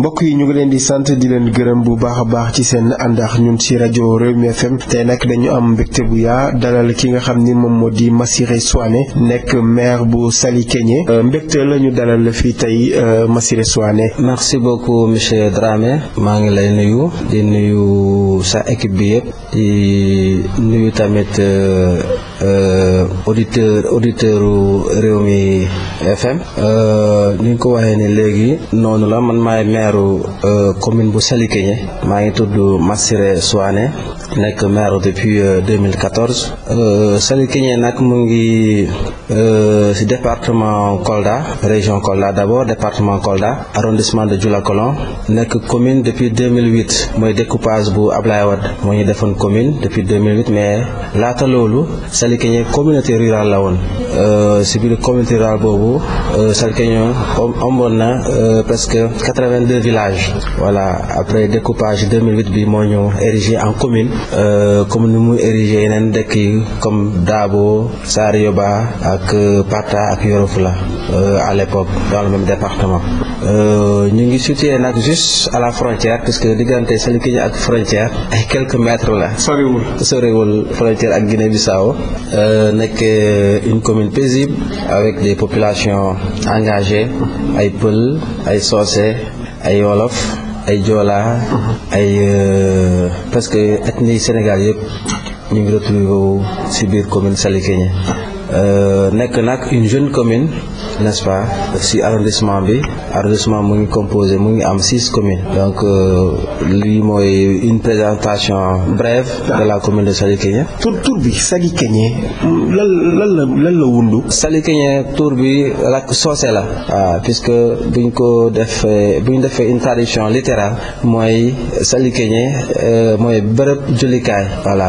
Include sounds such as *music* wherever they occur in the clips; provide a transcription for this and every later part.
mbokk yi ñu ngi leen di sant di leen gërëm bu baax a baax ci seen àndax ñun ci rajo Rewmi FM tey nag dañu am mbégte bu yaa dalal ki nga xam ni moom moo di Massiré Souané nekk maire bu Salikégné euh, mbégte la ñu dalal la fii tey euh, Massiré Souané. merci beaucoup monsieur Dramé maa ngi lay nuyu di nuyu sax équipe bi yëpp di nuyu tamit. Euh, Euh, auditeur auditeur réew mi FM euh, ni ñu ko waxee ni léegi noonu la man maay maire euh, commune bu Salikégné maa ngi tudd Massiré Souané nekk maire depuis 2014 Salikégné nag mu ngi ci département Kolda région Kolda d'abord département Kolda arrondissement de Dioulacolon nekk commune depuis 2008 mooy découpage bu Ablaye Wade moo ngi defoon commune depuis 2008 mais laata loolu Salikégné communauté rural la woon euh, si biir communauté rurale boobu euh, Salikégné omboon na euh, presque quatre-vingt-deux villages voilà après découpage 2008 bi moo ñëw érigé en commune comme ni mu érigé yeneen dëkk yi comme Dabo Sarioba ak Pata ak Yorofula à l'époque dans le même département Euh, ñu ngi situé nag juste à la frontière parce que diggante Salikégné ak frontière ay quelques mètres la. soriwul soriwul frontière ak Guinée-Bissau. Euh, nekk euh, une commune paisible avec des population engagées ay Pël ay Soose ay Wolof ay Joola ay parce que ethnie Sénégal yëpp ñu ngi retrouvé wu si biir commune Salikégné Euh, nekk nag une jeune commune n'est-ce si arrondissement bi arrondissement mu ngi composé mu ngi am six communes donc euh, lii mooy une présentation brève de la commune de Salikégné tur bi Salikégné lan lan la lan la wundu Salikégné tur bi làkk soose la waaw ah, puisque buñ ko def defee buñ defee une traduction littérale mooy Salikégné euh, mooy bërëb jullikaay voilà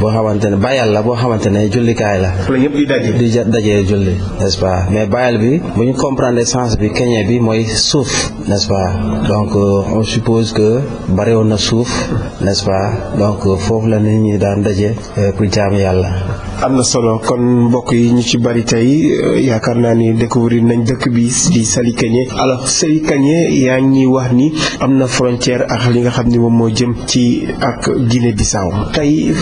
boo xamante ne bàyyal la boo xamante ne jullikaay la. di dajee julli n'est-ce pas mais bàyyal bi bu ñu comprendre sens bi keñe bi mooy suuf n'est-ce donc euh, on suppose que barewoon na suuf n'est-ce donc euh, foofu la nit ñi daan daje euh, pour jaamu yàlla. am na solo kon mbokk yi ñu ci bari tey yaakaar naa ni découvrir nañ dëkk bi di Saly Kégné alors Saly Kégné yaa ngi wax ni am na frontière ak li nga xam ni moom moo jëm ci ak Guinée-Bissau tey.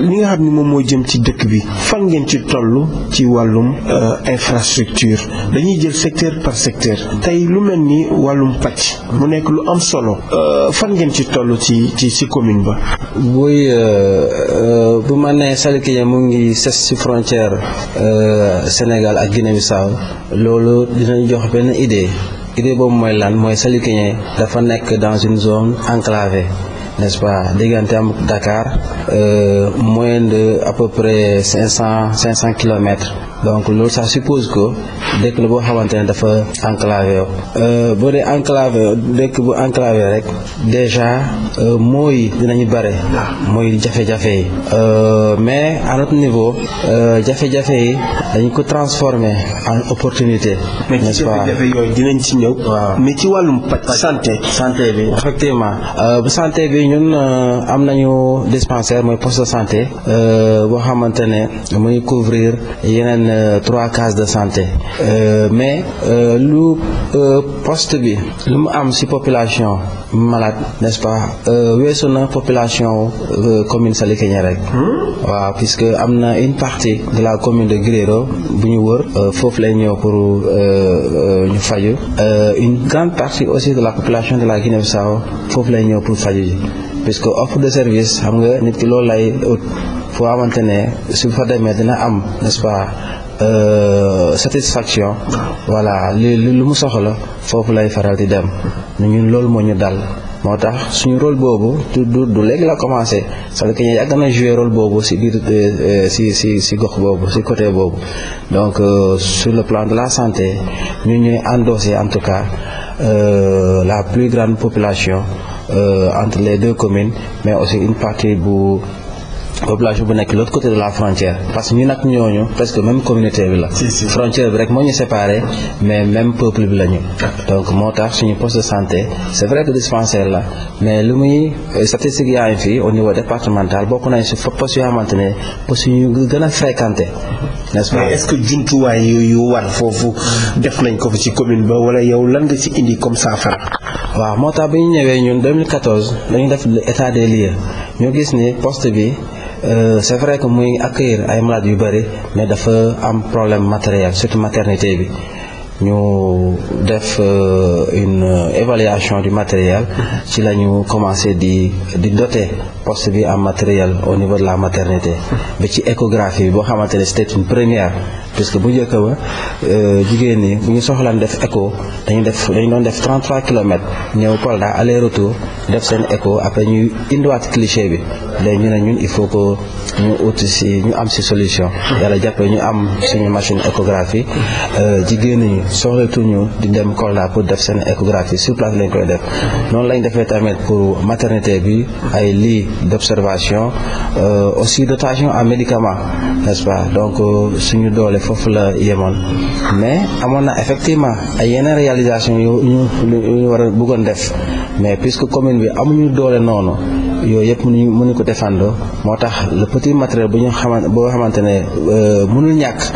li nga xam ni moom moo jëm ci dëkk bi fan ngeen ci tollu ci wàllum euh, infrastructure dañuy jël secteur par secteur tey lu mel ni wàllum pàcc mu nekk lu am solo euh, fan ngeen ci toll ci ci ci commune ba. buy euh, bu ma nee Salikégné mu ngi ses ci frontière Sénégal ak Guinée-Bissau loolu dinañ jox benn idée idée boobu mooy lan mooy Salikégné dafa nekk dans une zone enclavée. n'est-ce pas diggante am Dakar euh, moyenne de à peu près cinq cent cinq cent kilomètres donc loolu sa suppose ko dëkk la boo xamante ne dafa enclavé yoo euh, boo dee enclavé dëkk bu enclavé rek déjà euh, mooy dinañu bare mooy jafe-jafe yi euh, mais à niveau jafe-jafe dañ ko transformer en opportunité n'est-ce pas jafe dinañ ci ñëw waaw mais ci wàllum paj santé santé bi effectivement bu santé bi ñun am nañu dispensaire mooy poste de santé boo xamante ne muy couvrir yeneen Euh, trois cases de santé euh, mais euh, lu poste bi lu mu am ci population malade n'est-ce pas weesu na population commune Salikégné rek hmm? waaw puisque am na une partie de la commune de Guérero bu ñu wër foofu lay ñëw pour ñu faju une grande partie aussi de la population de la Guinée-Bissau foofu lay ñëw pour faju ji puisque offre de service xam nga nit ki loolu lay ut foo xamante ne su fa demee dina am n'est-ce Euh, satisfaction voilà li lu mu soxla foofu lay faral di dem ñu ñun loolu moo ñu dal moo tax suñu rôle boobu du du du léegi la commencé c'est-à-dire que yàgg na jouer rôle boobu ci biir ci ci ci gox boobu ci côté boobu donc euh, sur le plan de la santé ñu ñuy endosser en tout cas euh, la plus grande population euh, entre les deux communes mais aussi une partie bu population bu nekk l'autre côté de la frontière parce que ñu nag ñooñu presque même communauté bi la frontière bi rek moo ñu séparé mais même peuple bi la ñu donc moo tax suñu poste de santé c'est vrai que dispensaire la mais lu muy euh, statistique yaa ngi fii au niveau départemental bokk nañ si poste yoo xamante ne poste yu gën a fréquenté n'est-ce pas est jumtuwaay yu war foofu def nañ ko ci commune ba wala yow lan nga ci indi comme saafara. waaw moo tax bi ñu ñëwee ñun 2014 dañu def état des lieux ñu gis ni poste bi. Euh, c'est vrai que muy accueillir ay malades yu bëri mais dafa am problème matériel surtout maternité bi ñu def euh, une euh, évaluation du matériel ci la ñu commencé di di doter post bi am matériel au niveau de la maternité ba ci échographie boo xamante ne c'était une première que bu njëkk ba euh, jigéen ñi bu ñu soxlaan def écho dañu def dañu doon def 33 kilomètres ñëw Kolda aller retour def seen écho après ñuy indiwaat cliché bi léegi ñu ne ñun il faut que ñu ut si ñu am si solution yàlla jàppee ñu am suñu machine échographie euh, jigéen ñi soxlatuñu di dem Kolda pour def seen échographie sur place lañ koy def noonu lañ defee tamit pour maternité bi ay lii d'observation euh, aussi dotation en médicaments n'est-ce pas donc foofu la yemoon mais amoon na effectivement ay yeneen réalisation yu ñu war a bëggoon def mais puisque commune bi amuñu doole noonu yooyu yëpp mënuñu mënuñu ko défendre moo tax le petit matériel bu ñu xamante boo xamante ne euh, mënul ñàkk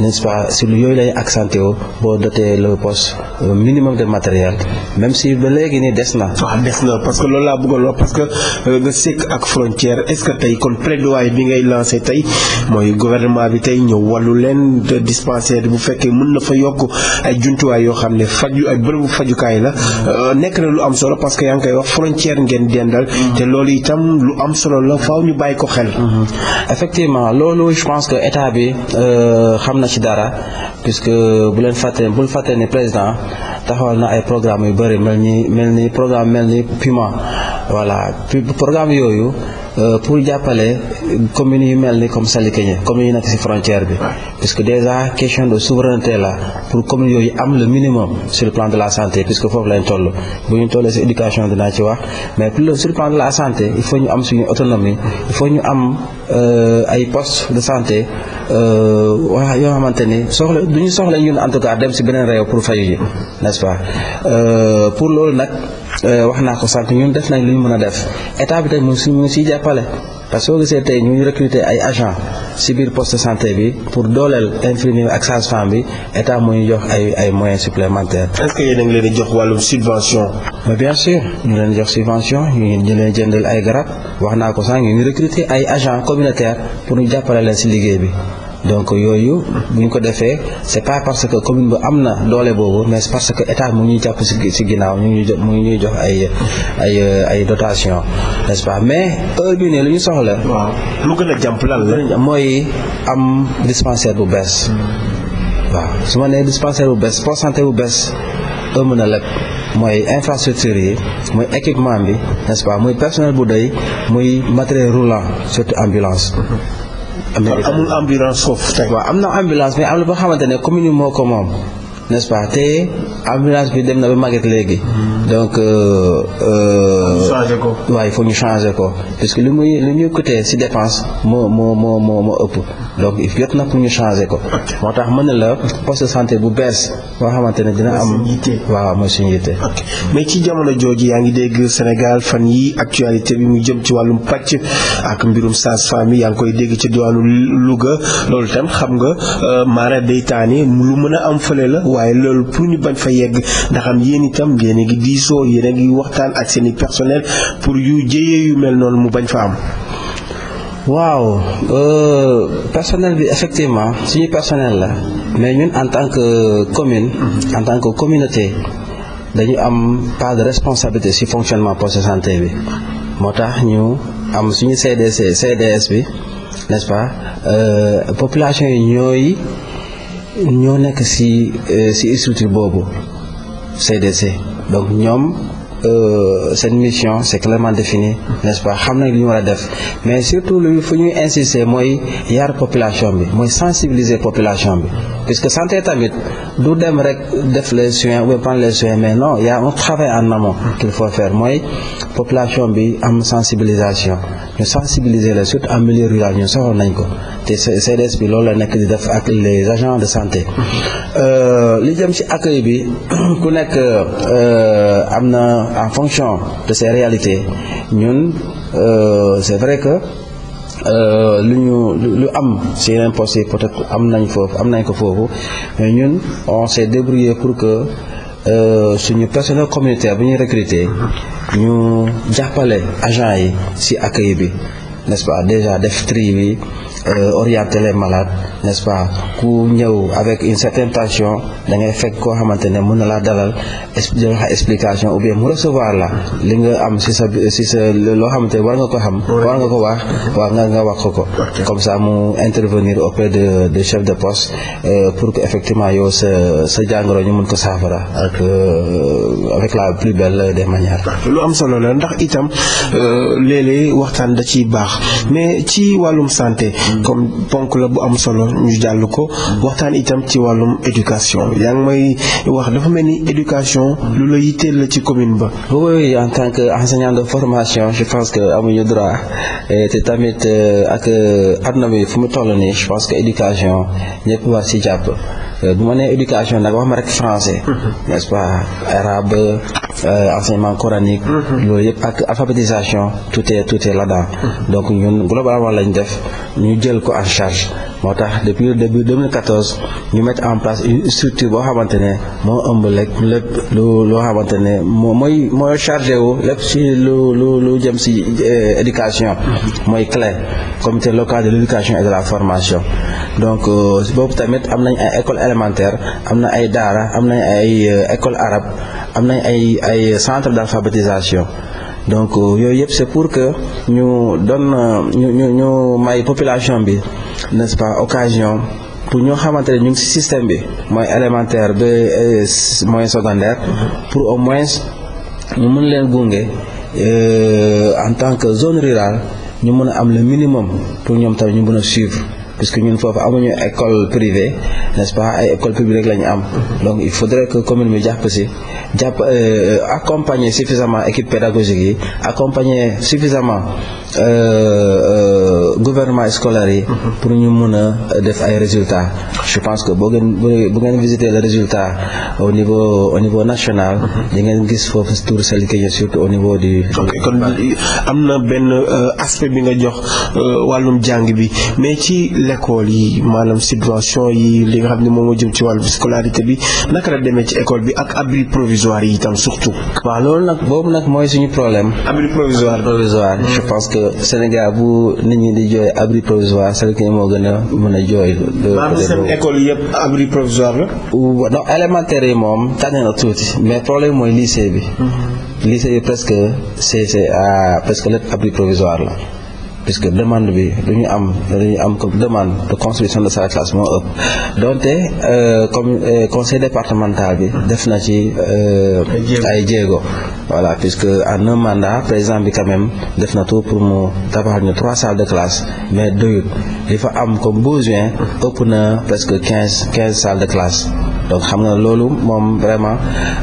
n'est-ce pas si yooyu lañu accenté woo boo dotee le poste euh, minimum de matériel même si ba léegi nii des na. waaw des na parce que loolu laa bëggoon wax parce que euh, nga sekk ak frontière est-ce que tey kon plaidoyer bi ngay lancé tey mooy gouvernement bi tey ñëw wàllu leen dispensaire bu fekkee mun na fa yokk ay jumtuwaay yoo xam ne faju ay bërëbu fajukaay la euh, nekk na lu am solo parce que yaa ngi koy wax frontière ngeen dendal. te loolu itam lu am solo la faaw ñu bàyyi ko xel. Mm-hmm. effectivement loolu je pense que état bi euh, xam na ci dara puisque bu leen fàtte bul fàtte ne président taxawal na ay programme bëri mel ni mel ni programme mel ni Puma voilà programme yooyu Euh, pour jàppale communes yu mel ni comme Salikégné communes yi nekk ci frontière bi puisque déjà question de souveraineté la pour communes yooyu am le minimum sur plan de la santé puisque foofu lañ toll bu ñu tollee ci éducation dinaa ci wax mais la santé il am suñu autonomie il ñu am euh, ay postes de santé waa euh, yoo xamante ni soxla du ñu soxla ñun en tout cas dem ci beneen réew pour fayu ji pour loolu nag Euh, wax naa ko sànq ñun def nañ li mën a def état bi tey mu si siy jàppale parce que soo gisee tey ñu ngi recruter ay agent si biir poste de santé bi pour dooleel infirmier ak sage-femme bi état mu ñu jox ay ay moyens supplémentaires. est-ce que yéen leen di jox wàllu subvention. mais bien sûr ñu leen jox subvention ñu ñu leen jëndal ay garab wax naa ko sànq ñu ngi recruter ay agent communataire pour ñu jàppale leen si liggéey bi. donc yooyu bu ñu ko defee c'est pas parce que commune bi am na doole boobu mais c'est parce que état mu ñuy jàpp si si ginnaaw mu ngi ñuy jox ay ay euh, ay dotation n'est-ce mais heure bi ne lu ñu soxla. lu gën a la. mooy am dispensaire bu bees. waaw su ma nee dispensaire bu bees poste santé bu bees ëmb na lépp mooy infrastructure yi mooy équipement bi nest muy personnel bu doy muy matériel roulant surtout ambulance. amul ambulance foofu tey. am na ambulance mais am na boo xamante ne commune moo ko moom. n'est-ce pas te ambulance bi dem na ba màgget léegi. donc. Euh, euh, changer ko. waaw il ñu changer ko parce que lu muy lu ñuy coûter ci dépense moo moo moo moo moo ëpp donc jot na ñu changer ko. moo tax mën na la poste de santé bu bees boo xamante ne dina am. waa mooy suñu yitte. mais ci jamono jooju yaa ngi dégg Sénégal fan yi actualité bi mu jëm ci wàllum pàcc ak mbirum sage-femme yaa ngi koy dégg ci diwaanu Louga loolu tam xam nga euh, maanaam day lu mën a am fële la. waaye loolu pour ñu bañ fa yegg ndax am yéen itam yéen a ngi diisoo yéen a ngi waxtaan ak seeni personnel pour yu jëyee yu mel noonu mu bañ fa am. waaw euh, personnel bi effectivement suñu personnel la mais ñun en tant que commune. en tant que communauté dañu am part de responsabilité ci fonctionnement poste santé bi moo tax ñu am suñu CDC CDS bi n'est-ce pas euh, population yi ñooy. ñoo nekk ci ci euh, structure boobu CDC donc ñoom Euh, cette mission c'est clairement défini n'est-ce pas xam nañ li war a def mais surtout lu fu ñuy insister mooy yar population bi mooy sensibiliser population bi puisque santé tamit du dem rek def les soins ou prendre les soins mais non y a un travail en amont qu'il faut faire mooy population bi am sensibilisation ñu sensibiliser la surtout en milieu rural ñu soxla nañ ko te CDS bi loolu la nekk di def ak les agents de santé euh, li jëm ci accueil bi *clears throat* ku nekk euh, am na en fonction de ces réalités ñun euh, c'est vrai que euh, lu ñu lu am si yeneen postes yi peut-être am nañ foofu am nañ ko foofu mais ñun on s'est débrouillé pour que euh, suñu personnel communautaire bi ñuy recruter ñu jàppale agents yi si accueil bi n'est-ce pas déjà def tri bi euh, orienter les malades ce pas ku ñëw avec une certaine tension da ngay fekk koo xamante ne mën na laa dalal explication ou bien mu recevoir la li nga am si sa si sa loo xamante ne war nga ko xam war nga ko wax nga wax ko comme ça mu intervenir auprès de de chef de poste euh, pour que effectivement yow sa sa jàngoro ñu mën ko saafara ak euh, avec la plus ndax itam léeg waxtaan da ciy baax mais ci wàllum santé. comme ponk la bu am solo ñu jàll ko waxtaan itam ci wàllum éducation yaa ngi may wax dafa mel ni éducation lu la yitteel la ci commune ba. oui en tant que enseignant de formation je pense que amuñu droit te tamit euh, ak àdduna euh, bi fu mu toll nii je pense que éducation ñëpp war ci jàpp. Euh, bu ma nee éducation nag wax ma rek français mhm. n'est-ce euh, enseignement coranique loolu mhm. yëpp ak alphabétisation tout est tout mhm. donc ñun globalement lañ def ñu jël ko en charge moo tax depuis le début 2014 ñu mettre en place une structure boo xamante ne moo ëmb lekk lépp lu loo xamante ne moo mooy moo chargé wu si lu lu lu jëm si eh, éducation mooy clé comité local de l'éducation et de la formation donc si euh, boobu tamit am nañ ay école élémentaire am na ay daara am na ay euh, école arabe am nañ ay ay centre d'alphabétisation donc euh, yooyu yëpp c'est pour que ñu doon ñu ñu ñu may population bi n'est-ce pas occasion pour ñoo xamante ne ñu ngi ci système bi mooy élémentaire ba euh, moyen secondaire pour au moins ñu mën leen gunge euh, en tant que zone rurale ñu mën a am le minimum pour ñoom tamit ñu mën a suivre puisque ñun foofu amuñu école privée n'est-ce ay école publique la ñu am donc il faudrait que commune bi jàpp si jàpp euh, accompagner suffisamment équipe pédagogique yi accompagner suffisamment euh, euh gouvernement scolaire yi. Mhm. pour ñu mun a def ay résultats je pense que boo ngeen bu ngeen visiter le résultat au niveau niveau national. Mhm. di ngeen gis foofu tur Selkindja surtout au niveau du. am na benn euh, aspect bi nga jox euh, wàllum jàng bi mais ci l'école yi maanaam subvention yi li nga xam ni moom moo jëm ci wàllu scolarité bi naka la demee ci école bi ak abri provisoire yi itam surtout. waaw loolu nag boobu nag mooy suñu problème. abri provisoire provisoire mhm. je pense que Sénégal di jooy abri provisoire Salkine moo gën a mën a jooy. maanaam seen école yëpp abri provisoire la. donc élémentaire yi moom tànn na tuuti mais problème mooy lycée bi. Mhm. lycée bi presque c'est c'est presque lépp abri provisoire la. puisque demande bi du ñu am dañu am comme demande de construction de salle de classe moo ëpp donte euh, comme euh, conseil départemental bi def na ci euh, ay jéego voilà puisque en un mandat président bi quand def na tout pour mu tabaxal ñu trois salles de classe mais doyut li fa am comme besoin ëpp na presque quinze quinze salles de classe donc xam nga loolu moom vraiment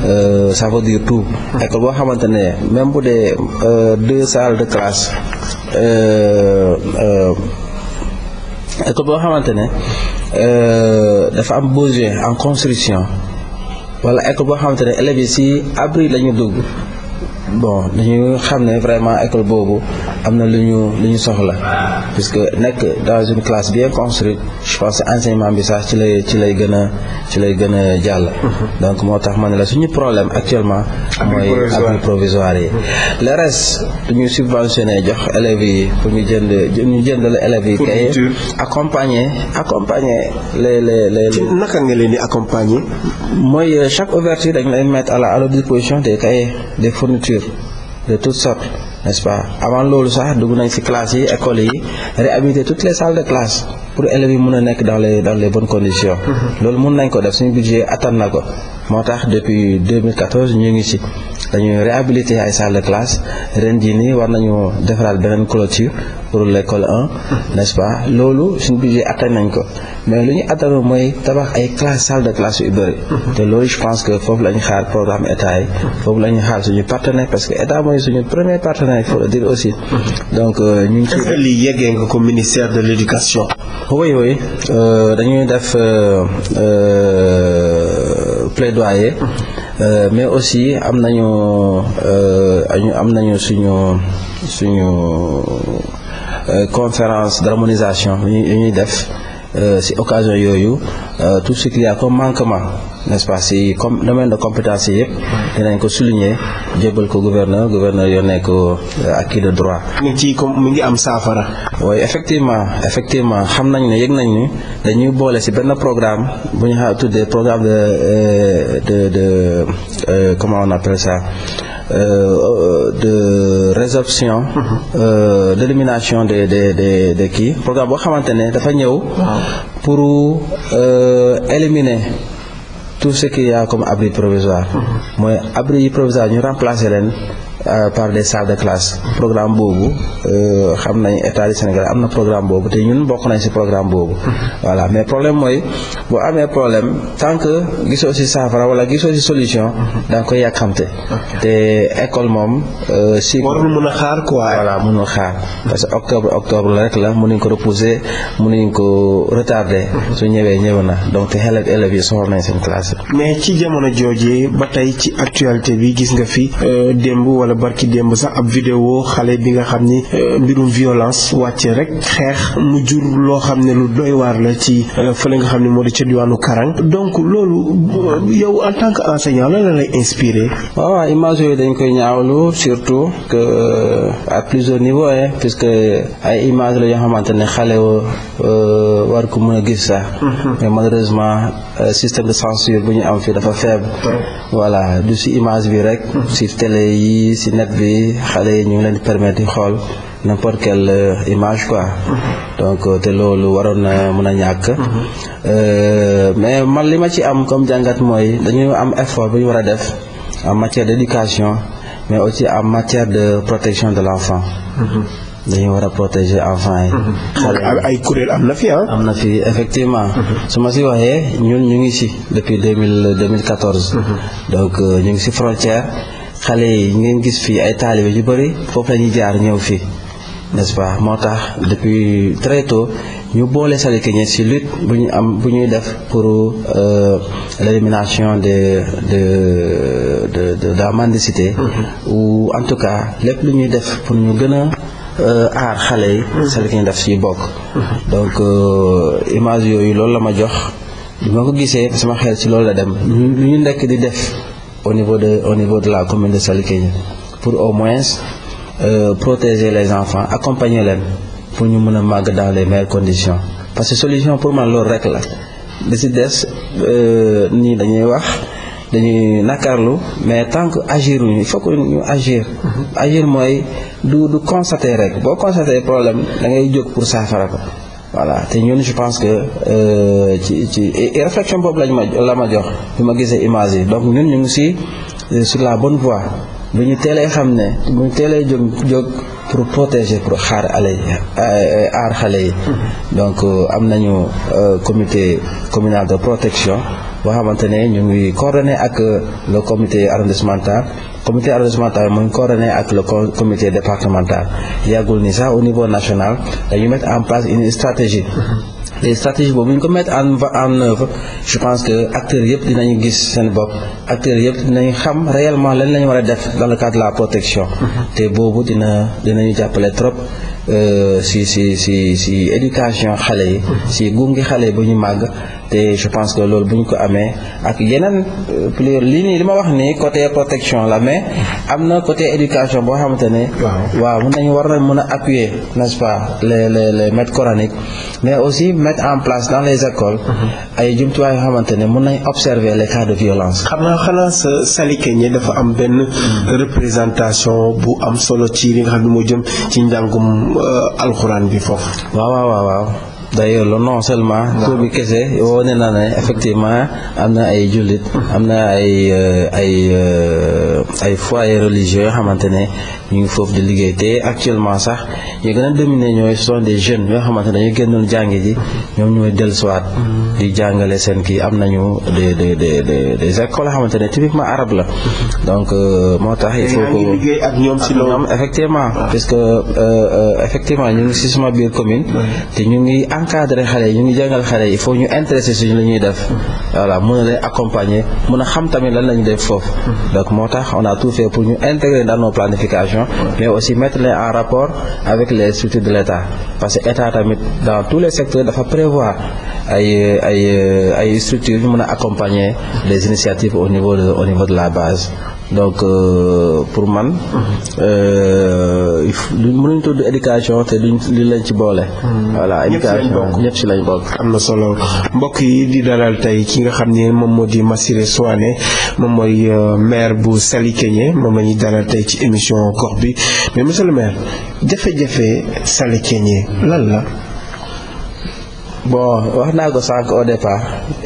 euh, ça veut tout. école boo xamante ne même bu dee euh, deux salles de classe. Euh, école boo xamante ne dafa am besoin en construction wala école boo xamante ne élèves yi ci abri la dugg. bon dañu xam ne vraiment école boobu am na lu ñu lu ñu soxla que nekk dans une classe bien construite je pense enseignement bi sax ci lay ci lay gën ci lay gën a jàll mhm. donc moo tax ma ne la suñu problème actuellement mooy abri provisoire yi mhm. le reste duñu subventionné jox élèves yi pour ñu jënd ñu jëndal élèves kay accompagner accompagner les les les naka nga leen di accompagner mooy euh, chaque ouverture dañ lay mettre à la disposition des cahiers des fournitures culture de toutes sortes n'est-ce pas avant loolu sax dugg nañ ci classes yi écoles yi réhabiliter toutes les salles de classe pour élèves yi mun a nekk dans les dans les bonnes conditions mm-hmm. loolu mun nañ ko def suñu budget attan na ko moo tax depuis 2014 ñu ngi ci dañuy réhabiliter ay salles de classe ren jii nii war nañu defaraat beneen clôture pour l'école 1 nest pas loolu suñ budget atteint nañ ko mais lu ñu atteindre mooy tabax ay classe salle de classe yu bëri te loolu je pense que foofu la ñu xaar programme état foofu la ñu xaar suñu partenaire parce que état mooy suñu premier partenaire il faut le dire aussi donc euh, ñu ngi ci lii yeggee nga ko ministère de l'éducation oui oui euh, dañuy def euh, plaidoyer Euh, mais aussi am nañu ñu am nañu suñu Euh, conférence d'harmonisation yu ñuy def euh, si occasion yooyu euh, tout ce qu'il y comme manquement nest pas si comme domaine de compétence yi dinañ ko souligner jébbal ko gouverneur gouverneur yoo nekk acquis de droit. ni ci comme mi ngi am saafara. oui effectivement effectivement xam nañ ne yëg nañ ni dañuy boole si benn programme buñu xaar tuddee programme de de de comment on appelle ça. Euh, de résorption mhm. euh, d' élimination des des des des kii programme boo xamante ne dafa ñëw pour euh, éliminer tout ce qu'il y comme abri provisoire mhm. mooy abri provisoire ñu remplacer leen Euh, par des salles de classe programme boobu euh, xam nañ état du Sénégal am na programme boobu te ñun bokk nañ si programme boobu voilà mais problème mooy boo amee problème tant que gisoo ci saafara wala gisoo ci solution da nga koy yàkkamte te école moom euh, si warul xaar quoi voilà mënul xaar parce que octobre octobre la rek la mënuñ ko repousser mënuñ ko retarder mhm. su ñëwee ñëw na donc te xel ak élèves yi nañ seen classe mais ci jamono jooje ba tey ci actualité bi gis nga fi démb wala barki démb sax ab vidéo xale bi nga xam ni euh, mbirum violence wàcce rek xeex mu jur loo xam ne lu doy waar la ci euh, fële nga xam ne moo di ca diwaanu Karang donc loolu euh, yow en tant que enseignant lan la lay inspiré. waaw image dañ koy ñaawlu surtout que à plusieurs niveaux eh puisque ay image yoo xamante ne xale war ko mën a gis sax. Mhm. mais malheureusement système de censure bu ñu am fii dafa faible. voilà du si image bi rek. Mhm. si télé yi ci net bi xale yi ñu ngi leen di permettre di xool n'importe quelle euh, image quoi. Mm-hmm. donc euh, te loolu waroon na mën a ñàkk. Mm-hmm. Euh, mais man li ma ci am comme jàngat mooy dañu am effort bu ñu war a def en matière d'éducation mais aussi en matière de protection de l'enfant. Mm-hmm. dañu war a protéger enfant yi. ay kuréel am na fi ah? am na fi effectivement. su ma si waxee ñun ñu ngi si depuis deux mille deux mille quatorze. donc ñu ngi si frontière. xale yi ngeen gis fii ay taalibe yu bëri foofu la ñuy jaar ñëw fii n'est-ce pas moo tax depuis très ñu boole Salika Niass ci lutte bu ñu am bu ñuy def pour euh, l'élimination de de de de la mm-hmm. en tout cas lépp lu ñuy def pour ñu gën a euh, aar xale yi mm-hmm. Salika Niass def ci bokk mm-hmm. donc euh, image yooyu loolu la ma jox bi ko gisee sama xel ci loolu la dem lu ñu nekk di def au niveau de au niveau de la commune de Salikégné pour au moins euh, protéger les enfants accompagner leen pour ñu mën a màgg dans les meilleures conditions parce que solution pour man loolu rek la li si des euh, nii dañuy wax dañuy nakaarlu mais tant que agir ñu il faut que ñu agir mhm. agir mooy du du constater rek boo constater problème da ngay jóg pour saafara ko voilà te ñun je pense que euh, ci ci réflexion boobu lañ ma la ma jox bi ma gisee image yi donc ñun ñu si euh, sur la bonne voie bu ñu teelee xam ne bu ñu teelee jóg jog pour protéger pour xaar ale euh, aar xale yi mm-hmm. donc am nañu comité communal de protection boo xamante ne ñu ngi coordonné ak euh, le comité arrondissemental comité arrondissemental mu ngi coordonné ak le comité départemental yàggul ni sax au niveau national dañu mettre en place une stratégie les mm-hmm. stratégies boobu ñu ko mettre en en œuvre je pense que acteurs yëpp dinañu gis seen bopp acteurs yëpp dinañu xam réellement lan la ñu war a def dans le cadre de la protection mm-hmm. te boobu dina dinañu jàppale trop euh, si si si si éducation xale yi mm-hmm. si gungi xale yi ba ñu màgg te je pense que loolu bu ñu ko amee ak yeneen euh, plus lii nii li ma wax nii côté protection la mais am na côté éducation boo xamante ne waaw mun nañu war na mën a appuyer n'est-ce pas les les les maîtres mais aussi mettre en place dans les écoles mm-hmm. ay jumtuwaay yoo xamante ne mun nañ observer les cas de violence xam naa xanaa sa salikeñe dafa am benn mm. représentation bu am solo ci li xam ne moo jëm ci njàngum euh, alxuraan bi foofu waaw waaw waaw d'ailleurs loolu non seulement tur bi kese wone na ne effectivement am na ay jullit am na ay euh, ay euh, ay foyer religieux yoo xamante ne ñu ngi foofu di liggéey te actuellement sax ñu gën a dominer ñooy sont des jeunes yoo xamante ne dañu génnoon jàngi ji ñoom ñooy dellusiwaat mm. di jàngale seen kii am nañu des des des des écoles yoo xamante ne typiquement arabe la donc euh, moo tax il faut que ah, effectivement ah. parce que effectivement ñu ngi si sama biir commune te ñu ngi encadrer xale yi ñu ngi jàngal xale yi foofu ñu intéressé si lu ñuy def voilà mën a leen accompagner mun a xam tamit lan lañu def foofu donc moo tax on a tout fait pour ñu intégrer dans nos planifications mais aussi mettre leen en rapport avec les structures de l'État parce que état tamit dans tous les secteurs dafa prévoir ay ay ay structures ñu mën a accompagner les initiatives au niveau de au niveau de la base donc euh, pour man. Euh, mënuñ tudd éducation te duñ li lañ ci boole. Hmm. voilà éducation ñëpp si lañ bokk. am na solo mbokk yi di dalal tey ki nga xam ne moom moo di Massiré Souané moom mooy euh, maire bu Salikégné moom la ñuy dalal tey ci émission gox bi mais monsieur le maire jafe-jafe Salikégné lan la. bon wax naa ko sànq au départ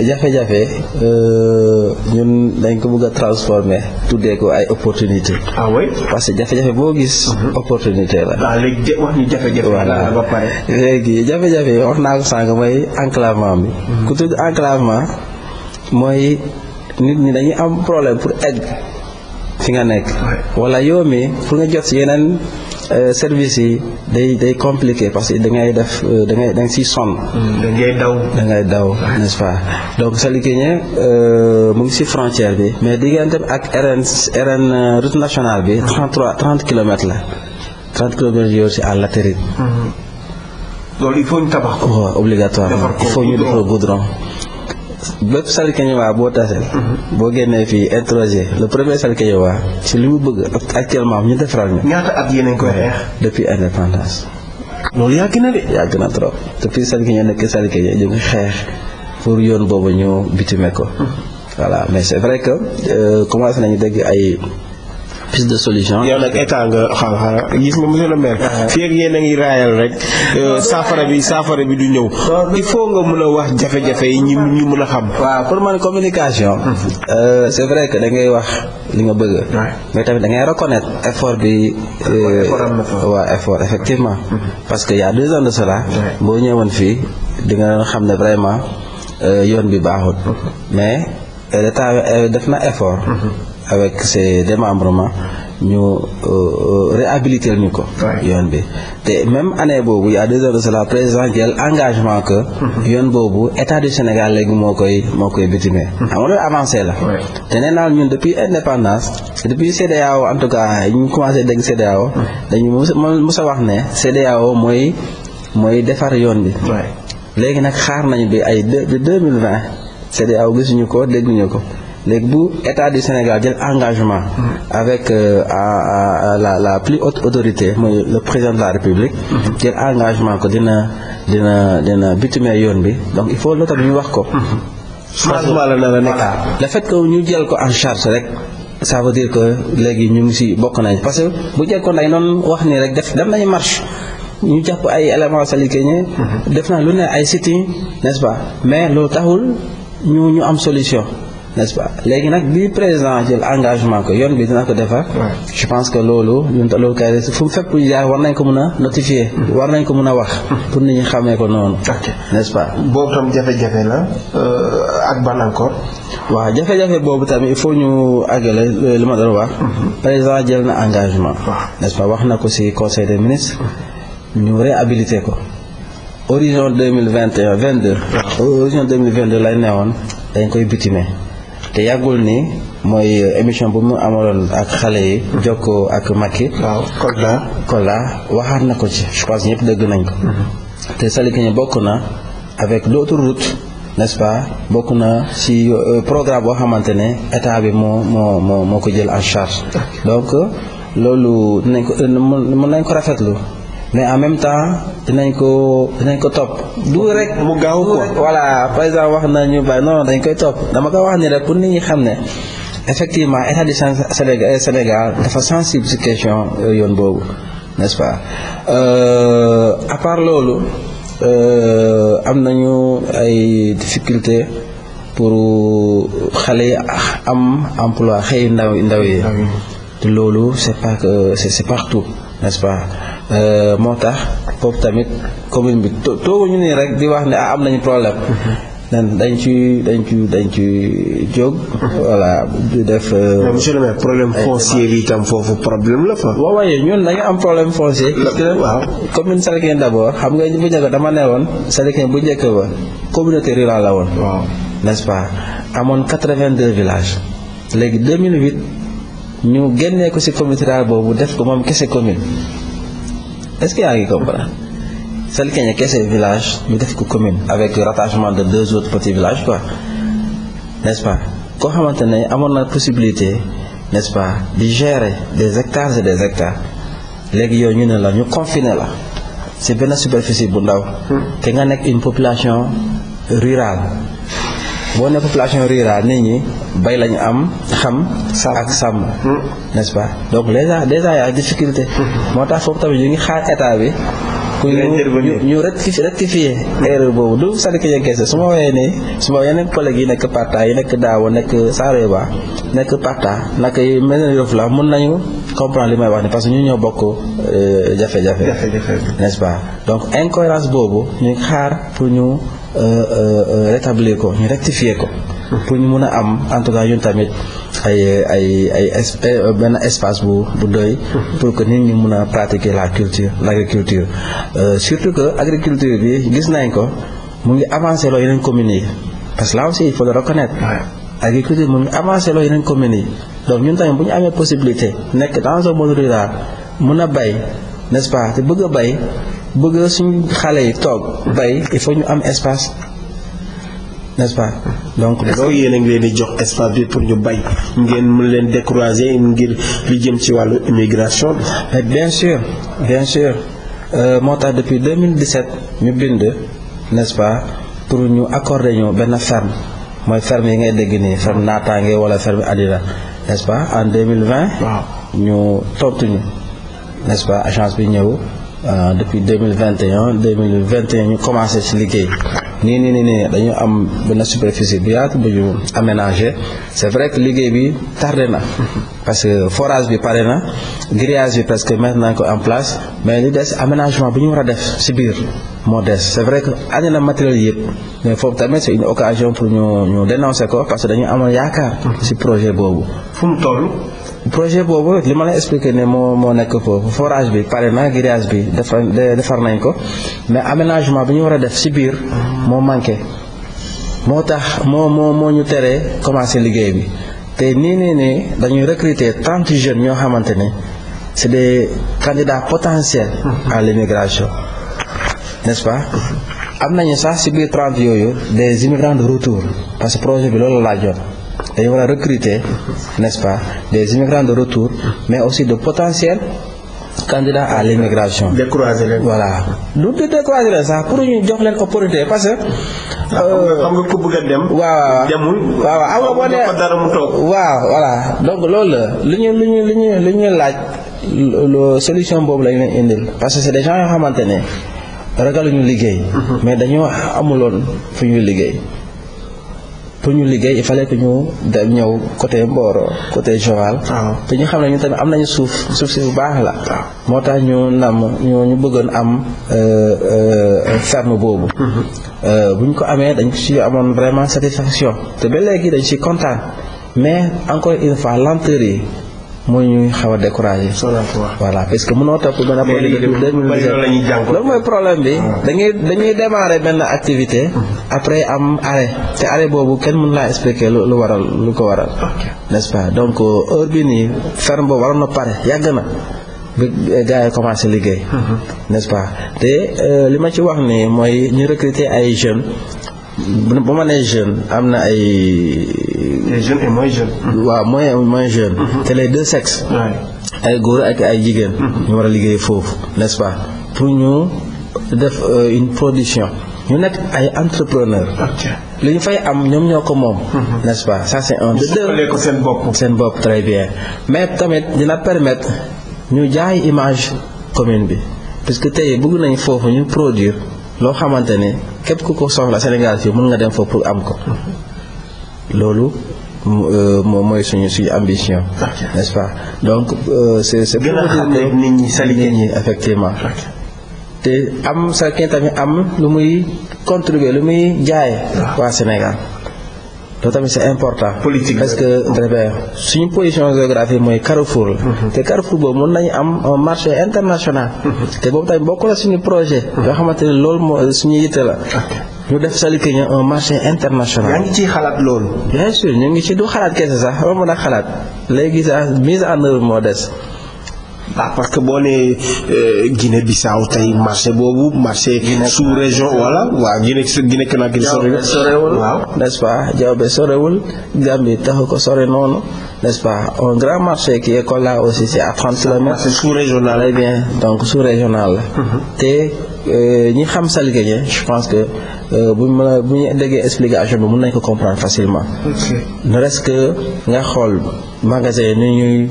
jafe-jafe euh, ñun dañ ko bëgg a transformer tuddee ko ay opportunité ah parce que jafe-jafe boo gis mhm. opportunité la ah, léegi wax ñu jafe-jafe voilà ba wax naa ko sànq mooy enclavement bi mhm. ku tudd enclavement mooy nit ñi dañuy am problème pour egg fi nga nekk wala yow mi pour nga jot yeneen Euh, service yi day day compliqué parce que da ngay def euh, da ngay da nga siy hmm, da ngay daw da ngay daw n'est-ce pas euh, mu ngi si frontière bi mais digganteem ak RN RN route nationale bi 33 30 kilomètres la 30 kilomètres yooyu si à latérite. Hmm. loolu ñu tabax ko. obligatoirement il faut ñu defar goudron. bépp waa boo taseel boo génnee fii introsé le premier waa si li mu bëgg actuellement ñu defaral ñu ñaata at yéen a koy xeex depuis indépendance loolu yàgg na de yàgg na trop depuis salkeñe nekk salkeñe ñu ngi xeex pour yoon boobu ñu bitime ko voilà mais c'est vrai que euh, commencé nañu dégg ay piste de solution. yow nag état nga xaw xaw gis nga monsieur le maire. Ah. fii ak raayal rek euh, ah. saafara bi saafara bi du ñëw. Ah. il nga mën a wax jafe-jafe yi ñu mën a xam. waaw pour man communication. Hmm. Euh, c'est vrai que da ngay wax li nga bëgg. mais tamit da ngay reconnaître effort bi. Euh, waaw hmm. parce que y a deux ans de fii di nga xam ne vraiment yoon bi baaxul. Hmm. mais état def na effort. avec ces démembrements ñu euh, euh, réhabiliter ñu ko. yoon bi te même anne boobu y a deux ans de cela président jël engagement que. Mm-hmm. yoon boobu état du Sénégal léegi moo koy moo koy bitimé. Mm-hmm. xam nga avancé la. te nee naa ñun depuis indépendance depuis CEDEAO en tout cas ñu commencé dégg CEDEAO. Mm-hmm. dañu mës a wax ne CEDEAO mooy mooy defar yoon bi. léegi nag xaar nañu bi ay deux deux mille vingt CEDEAO gisuñu ko dégguñu ko. léegi bu état du Sénégal jël engagement avec euh, à la la plus haute autorité mooy le président de la République jël engagement ko dina dina dina bitumee yoon bi donc il faut loolu tamit ñu wax ko changement la na la nekk le fait que ñu jël ko en charge rek ça veut dire que léegi ñu ngi si bokk nañ parce que bu jekkoon dañ noonu wax nii rek def dem nañu marche ñu jàpp ay éléments salikene mhm. def na lu ne ay sit n'est-ce pas mais loolu taxul ñu ñu am solution n'est-ce léegi nag bi président jël engagement ko yoon bi dina ko defar je pense que loolu loolu kay fu mu fépp jaar war nañ ko mën a notifier hmm. war nañ ko mën a wax hmm. pour nit ñi xamee ko noonu n'est-ce pas boobu tam jafe-jafe la euh, ak ban encore waaw jafe-jafe boobu tamit il faut ñu àggale li ma doon wax hmm. président jël na engagement n'est-ce wax na ko ci conseil des ministre ñu réhabilité ko horizon 2021 22 horizon 2022 lay neewoon dañ koy bitimé te yàggul ni mooy émission bu mu amaloon ak xale yi jokkoo ak Macky waaw Kolda Kolda waxaat na ko ci je ñëpp dëgg nañ ko mhm. te Salikégné bokk na avec d'autres routes n'est-ce pas bokk na si euh, programme boo xamante ne état bi moo moo moo ko jël en charge donc loolu nañ ko euh, mën nañ ko rafetlu mais en même temps dinañ ko dinañ ko topp. du rek mu gaaw quoi voilà par exemple wax na ñu bari non dañ koy topp dama ko wax ni rek pour nit ñi xam ne effectivement état du Sénégal euh, Sénégal dafa sensible si question euh, yoon boobu n'est-ce pas euh, à part loolu am nañu ay difficultés. pour xale yi am emploi xëy ndaw ndaw yi ah te loolu c'est pas que c'est partout n'est-ce pas Euh, moo tax foofu tamit commune bi ñu nii rek di wax ne ah am nañu problème mm-hmm. nan dañ ci dañ ci dañ ci jóg. Mm-hmm. voilà du def. Euh, monsieur le maire problème foncier bi itam foofu problème la fa. waaw ñun dañu am problème foncier. waaw commune Salkine d'abord xam nga bu njëkk dama ne woon Salkine bu njëkk ba communauté rurale la woon. waaw pas amoon quatre-vingt-deux village léegi mille 2008 ñu génnee ko ci communauté rurale boobu def ko moom kese commune. est-ce que yaa ngi comprendre Salikeñe kese village ñu def ko commune avec rattachement de deux autres petits villages quoi n'est-ce pas koo xamante ne amoon na possibilité n'est-ce di gérer des hectares des hectares léegi yow ñu ne la ñu confiner la c'est benn superficie bu ndaw hmm. te nga nekk une population rurale boo ne population rurale nit ñi bay lañu am xam ak sàmm mm. n'est-ce pas donc déjà déjà y a difficulté mm-hmm. moo tax foofu tamit ñu ngi xaar état bi pour ñu ñu rectifier mm-hmm. erreur boobu du Sadiki Dieng su ma waxee ne su ma yeneen collègues yi nekk Parta yi nekk Daawa nekk Sareba nekk Parta nag mel na Yoff la mën nañu comprendre li may wax ni parce que ñu ñoo bokk euh, jafe-jafe nest pas donc incohérence boobu ñu ngi xaar pour ñu Euh, euh, euh, rétablir ko ñu rectifier ko pour ñu mun a am en tout cas ñun tamit ay ay ay benn espace bu bu doy pour que nit ñu mun a pratiquer la culture l'agriculture surtout que agriculture bi gis nañ ko mu ngi avancé loo yeneen communes yi parce que là aussi il faut le reconnaître agriculture mu ngi avancé loo yeneen communes yi donc ñun tamit bu ñu amee possibilité nekk dans un monde mun a bay n'est-ce pas te bëgg a bay bëgg suñu xale yi toog bay il faut ñu am espace n'est-ce pas. donc loo yéen a ngi leen di jox espace bi pour ñu bay ngeen mën leen décroiser ngir li jëm ci wàllu immigration bi. mais euh, bien sûr bien sûr euh, moo tax depuis 2017 ñu bind n'est-ce pas pour ñu accorder ñu benn ferme mooy ferme yi ngay dégg nii ferme naataange wala ferme Adila n'est-ce pas en 2020. waaw ñu ñu n'est-ce pas agence bi ñëw. Euh, depuis deux mille vingt et un deux mille vingt et un ñu commencé ci liggéey nii nii nii dañu am na superficie bu yaatu bu ñu aménagé c'est vrai que liggéey bi tardé na parce que forage bi pare na grillage bi presque mettre nañ ko en place mais li des aménagement bu ñu war a def ci biir moo des c'est vrai que andi na matériel yëpp mais foofu tamit c'est une occasion pour ñu ñu dénoncer ko parce que dañu amoon yaakaar ci projet boobu fu mu tollu projet boobu li ma la expliqué ne moo moo nekk foofu forage bi pare na grillage bi defar defar nañ ko mais aménagement bi ñu war a def ci biir moo manqué moo tax moo moo ñu tere commencé liggéey bi te nii nii nii dañuy recruter trente jeunes ñoo xamante ne c'est des candidats potentiels à l'immigration n'est-ce pas am nañu sax ci biir yooyu des immigrants de retour parce que projet bi loolu laajoon dañu war a recruter pas des immigrants de retour mais aussi de potentiels candidats à l'immigration. décroiser leen voilà du décroiser leen sax pour ñu jox leen opportunité parce que. Ah, xam nga ku dem. waaw waaw mu toog. waaw voilà donc loolu la lu ñu lu ñu lu ñu lu ñu laaj. solution boobu lañu leen indil parce que c'est des gens yoo xamante ne ñu liggéey. Mm-hmm. mais dañoo amuloon fu ñuy liggéey. pour ñu liggéey il fallait que ñu dem ñëw côté Mboro côté Joal te ñu xam ne ñu tamit am nañu suuf suuf si bu baax la moo tax ñu nam ñu ñu bëggoon am euh, euh, ferme boobu mm-hmm. euh, bu ñu ko amee dañ ci amoon vraiment satisfaction te ba léegi dañ ci kontaan mais encore une fois lenteur yi mooy ñuy xaw a découragé. voilà parce que mënoo topp benn projet de deux mille loolu mooy problème bi. Ah. dañuy dañuy benn activité. Mm-hmm. après am arrêt te arrêt boobu kenn mën laa expliquer lu waral lu ko waral. n'est-ce pas donc euh, heure bi nii ferme boobu waroon na pare yàgg na. bi gars yi commencé liggéey. Mm-hmm. n'est-ce te euh, li ma ci wax ni mooy ñu recruter ay jeunes. bu ma nee jeune am na ay. les jeunes et moins jeunes. waaw moins moins jeunes. Mm-hmm. te les deux sexes. ay góor ak ay jigéen. Mm-hmm. ñu war a liggéey foofu n'est-ce pas pour ñu def euh, une production. ñu nekk ay entrepreneur ah, li ñu fay am ñoom ñoo ko moom. Mm-hmm. n'est-ce pas ça c'est un. de deux ko seen bopp. seen bopp très bien mais tamit dina permettre ñu jaay image commune bi parce que tey bëgg nañ foofu ñu produir loo xamante ne. képp ku ko soxla Sénégal fii mën nga dem fa pour am ko loolu euh, mooy suñu suñu ambition n'est-ce pas donc euh, c'est c'est gën a ñi effectivement te am sa tamit am lu muy contribuer lu muy jaay ah. waa Sénégal loolu tamit c'est important. politique parce que très bien suñu position géographique mooy Carrefour la. Mhm. te Carrefour boobu mën nañu am un marché international. Mhm. te boobu tamit bokk na suñu projet. yoo mhm. xamante ne loolu moo suñu yitte la. ñu def Salikégna un marché international. yaa ngi ciy xalaat loolu. bien sûr ñu ngi ci du xalaat kese sax loolu mën a xalaat léegi sax mise en œuvre moo des. ah parce que boo nee euh, Guinée Bissau tey marché boobu marché. sous région voilà waaw Guinée Guinée Conakry sorewul waaw n'est-ce pas Diaobé sorewul Gambie taxu ko sore noonu n'est-ce pas un grand marché qui est là aussi c'est à 30 kilomètres. sous régional très bien donc sous régional la. Mhm. Euh, ñi xam Saligué je pense que euh, buñ ma a bu ñu déggee explication bi mën nañ ko comprendre facilement. ne reste que nga xool magasin yi ñuy.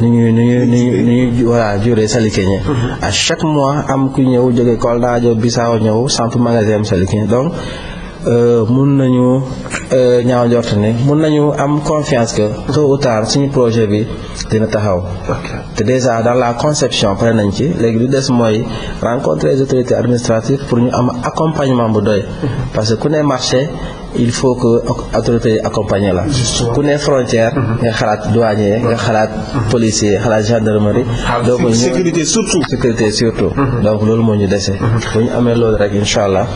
ni ñuy ni ñuy ni ñuy ni voilà juree Salikégné mm-hmm. à chaque mois am ku ñëw jóge Kolda jóge Bissau ñëw samp magasin Salikégné donc euh, mun nañu euh, ñaaw njort ne mun nañu am confiance que tôt ou tard suñu projet bi dina taxaw te déjà dans la conception pare nañ ci léegi lu des mooy rencontrer les autorités administratives pour ñu am accompagnement bu doy mm-hmm. parce que ku ne marché il faut que autorité yi accompagner la ku ne frontière mhm. nga xalaat douanier nga xalaat mhm. policier xalaat gendarmerie ah, donc sécurité surtout mhm. donc loolu moo ñu dese bu ñu amee loolu rek incha allah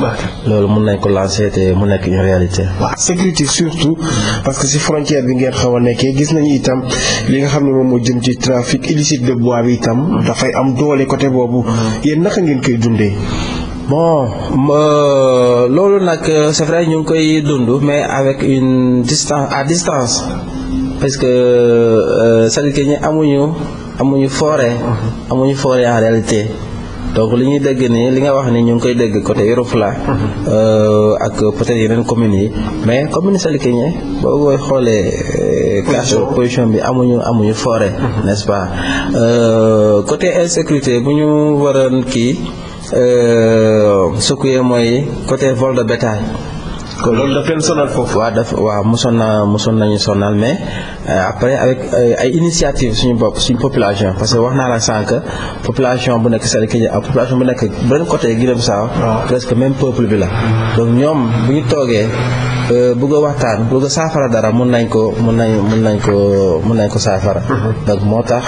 loolu mun nañ ko lancer te mu nekk ñu réalité waaw sécurité surtout parce que si frontière bi ngeen xaw a nekkee gis nañu itam li nga xam ne moom moo jëm ci trafic illicite de bois bi itam dafay am doole côté boobu yéen naka ngeen koy dundee bon euh, loolu nag euh, c'est vrai ñu ngi koy dund mais avec une distance à distance parce que euh, c'est-à-dire que ñi amuñu amuñu forêt mhm. amuñu forêt en réalité donc li ñuy dégg nii li nga wax ni ñu ngi koy dégg côté Yorofula mhm. ak peut-être yeneen communes yi mais commune Salkinié boo koy xoolee caso position bi amuñu amuñu forêt mhm. n'est-ce insécurité bu ñu waroon kii Euh, sukuyee mooy côté vol de bétail. loolu daf leen sonal foofu. waa daf waaw mosoon na mosoon nañu sonal mais euh, après avec euh, ay initiative suñu bopp suñu population parce que wax naa la sànq population bu nekk Salikégné ak population bu nekk benn côté Guinée-Bissau presque même peuple bi la. Mm-hmm. donc ñoom bu ñu toogee bëgg waxtaan bëgg saafara dara mun nañ ko mun nañ mun nañ ko mun nañ ko saafara. Mm-hmm. donc moo tax